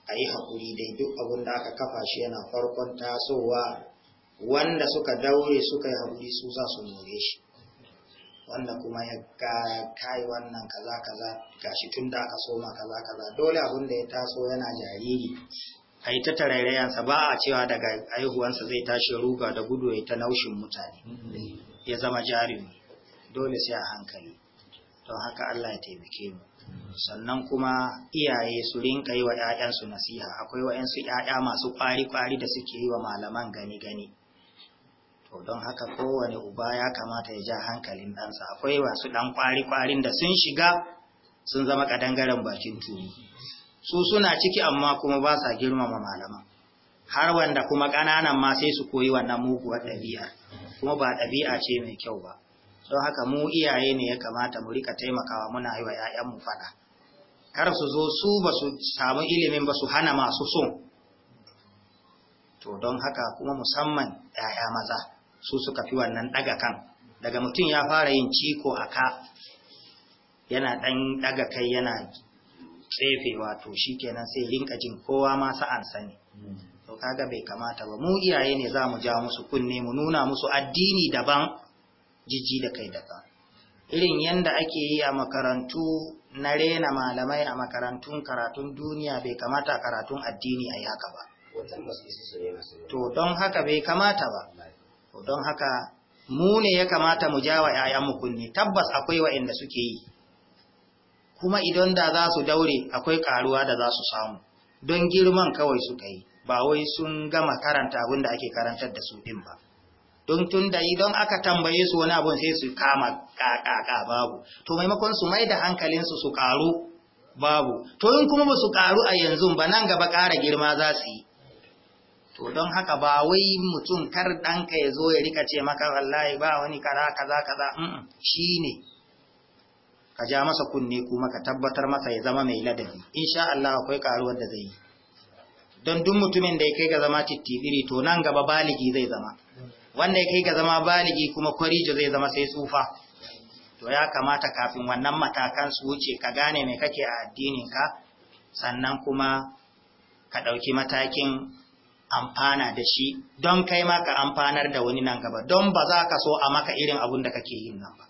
a yi haƙuri dai duk abin da aka kafa shi yana farkon tasowa wanda suka daure suka yi haƙuri su za su more shi wanda kuma ya kai wannan kaza kaza gashi tun da aka soma kaza kaza dole abin da ya taso yana jariri a yi ta tarairayansa ba a cewa daga aihuwansa zai tashi ruga da gudu ya ta naushin mutane ya zama jarumi dole sai a hankali don haka Allah ya taimake mu sannan kuma iyaye su rinka yi wa 'ya'yansu nasiha akwai wa'yansu 'ya'ya masu kwari-kwari da suke yi wa malaman gani-gani to don haka kowane uba ya kamata ya ja hankalin ɗansa akwai wasu ɗan ƙwari-ƙwarin da sun shiga sun zama ƙadangaren bakin tuni su suna ciki amma kuma ba sa girmama malama har wanda kuma ƙananan ma sai su koyi wannan muguwar ɗabi'a kuma ba ɗabi'a ce mai kyau ba don haka mu iyaye ne ya kamata mu rika taimakawa muna yi wa 'ya'yanmu faɗa kar su zo su ba su samu ilimin ba su hana masu son to don haka kuma musamman 'ya'ya maza su suka fi wannan ɗaga kan daga mutum ya fara yin ciko a ka yana ɗan ɗaga kai yana tsefe. Wato shi kenan, sai rinka jin kowa ma sa'an sani to kaga bai kamata ba mu iyaye ne za mu ja musu kunne mu nuna musu addini daban jijji da kai daga irin yanda ake yi a makarantu na rena malamai a makarantun karatun duniya bai kamata karatun addini ayi haka ba to don haka bai kamata ba don haka mu ne ya kamata mu jawa ‘ya'yanmu kunne, tabbas akwai wa'inda suke yi, kuma idan da za su daure akwai ƙaruwa da za su samu, don girman kawai suka yi, ba wai sun gama karanta abin da ake karantar da su ɗin ba. Don tun da idan aka tambaye su wani abun sai su kama ƙaƙaƙa babu, to maimakon su mai da hankalinsu su ƙaru babu, to in kuma ba su ƙaru a yanzu ba nan gaba ƙara girma za su yi, to don haka ba wai mutum kar ɗanka ya zo ya rika ce maka wallahi ba wani kaza kaza kaza shi ne ka ja masa kunne kuma ka tabbatar masa ya zama mai ladabi insha Allah akwai karuwar da zai yi don duk mutumin da ya kai ga zama tittibiri to nan gaba baligi zai zama wanda ya kai ga zama baligi kuma kwarijo zai zama sai tsufa to ya kamata kafin wannan matakan su wuce ka gane me kake a addininka sannan kuma ka ɗauki matakin amfana da shi don kai ma ka amfanar da wani nan gaba don ba za ka so a maka irin abun da kake yin nan ba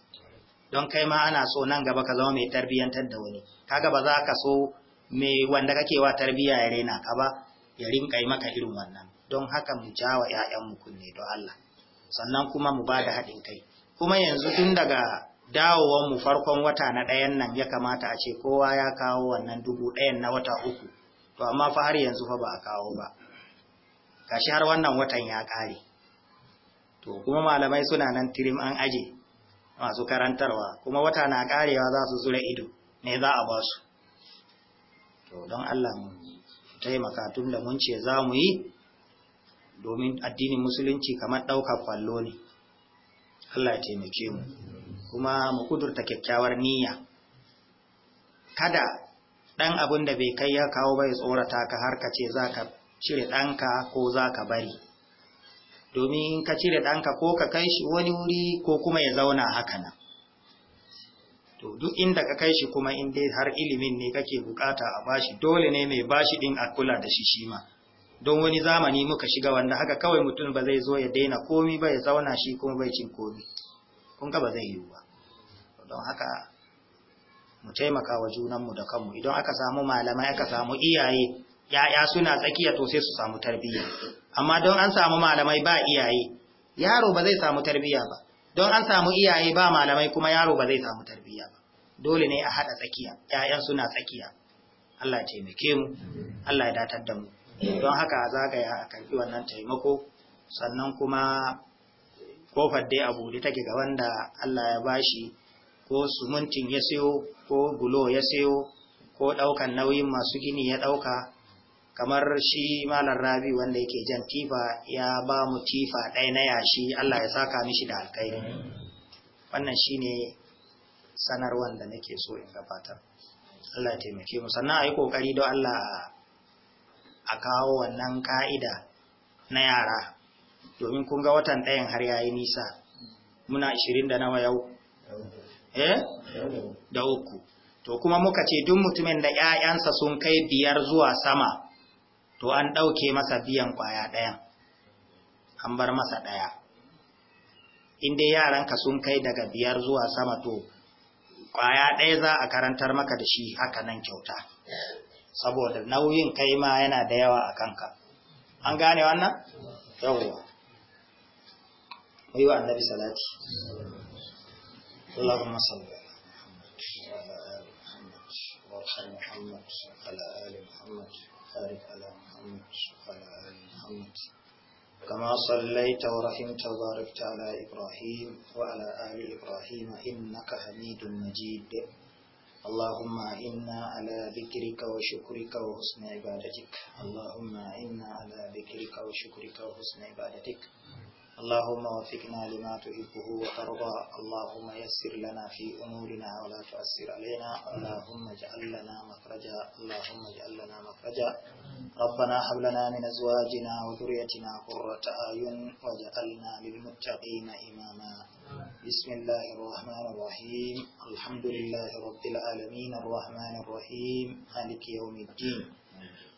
don kai ma ana so nan gaba ka zama mai tarbiyantar da wani kaga ba za ka so mai wanda kake wa tarbiyya ya rena ka ba ya rinka yi maka irin wannan don haka mu jawa mu kunne don Allah sannan kuma mu ba da haɗin kai kuma yanzu tun daga dawowar mu farkon wata na ɗayan nan ya kamata a ce kowa ya kawo wannan dubu ɗayan na wata uku to amma fa har yanzu fa ba a kawo ba gashi har wannan watan ya ƙare to kuma malamai suna nan tirim an aje masu karantarwa kuma wata na ƙarewa za su zura ido ne za a ba su to don Allah mu taimaka tun da mun ce za mu yi domin addinin musulunci kamar ɗaukar kwallo ne Allah ya taimake mu kuma mu kudurta kyakkyawar niyya kada dan abin da bai kai ya kawo bai tsorata ka har ka ce za ka cire ɗanka ko za ka bari domin in ka cire ɗanka ko ka kai shi wani wuri ko kuma ya zauna haka nan to duk inda ka kai shi kuma in dai har ilimin ne kake bukata a bashi dole ne mai bashi din a kula da shi shi ma don wani zamani muka shiga wanda haka kawai mutum ba zai zo ya daina komi ba ya zauna shi kuma bai cin komi kun ga ba zai yiwu ba don haka mu taimaka wa junanmu da kanmu idan aka samu malamai aka samu iyaye ya'ya suna tsakiya to sai su samu tarbiyya amma don an samu malamai ba iyaye yaro ba zai samu tarbiyya ba don an samu iyaye ba malamai kuma yaro ba zai samu tarbiyya ba dole ne a haɗa tsakiya yayan suna tsakiya Allah taimake mu Allah ya datar da mu don haka a zagaya a karbi wannan taimako sannan kuma kofar dai abu da take ga wanda Allah ya bashi ko sumuntin ya siyo ko bulo ya siyo ko daukan nauyin masu gini ya ɗauka? kamar shi malar rabi wanda yake jan tifa ya ba mu tifa ɗaya na yashi Allah ya saka mishi da alkairi wannan shi ne sanarwar da nake so in gabatar Allah ya taimake mu sannan ayi kokari don Allah a kawo wannan ka'ida na yara domin kun ga watan ɗayan har yayi nisa muna 20 da nawa yau eh da uku to kuma muka ce duk mutumin da 'ya'yansa sun kai biyar zuwa sama to an ɗauke masa biyan ƙwaya ɗaya, an bar masa ɗaya. Inda yaranka sun kai daga biyar zuwa sama to, ƙwaya ɗaya za a karantar maka da shi haka nan kyauta, saboda nauyin kai ma yana da yawa a kanka. An gane wannan? Yawwa. Mai wa annabi salati. محمد وعلى آل محمد على محمد الحمد الحمد كما صليت ورحمت وباركت على إبراهيم وعلى آل إبراهيم إنك حميد مجيد اللهم إنا على ذكرك وشكرك وحسن عبادتك اللهم إنا على ذكرك وشكرك وحسن عبادتك اللهم وفقنا لما تحبه وترضى اللهم يسر لنا في أمورنا ولا تؤثر علينا اللهم اجعل لنا مخرجا اللهم اجعل لنا مخرجا ربنا هب لنا من أزواجنا وذريتنا قرة أعين واجعلنا للمتقين إماما بسم الله الرحمن الرحيم الحمد لله رب العالمين الرحمن الرحيم مالك يوم الدين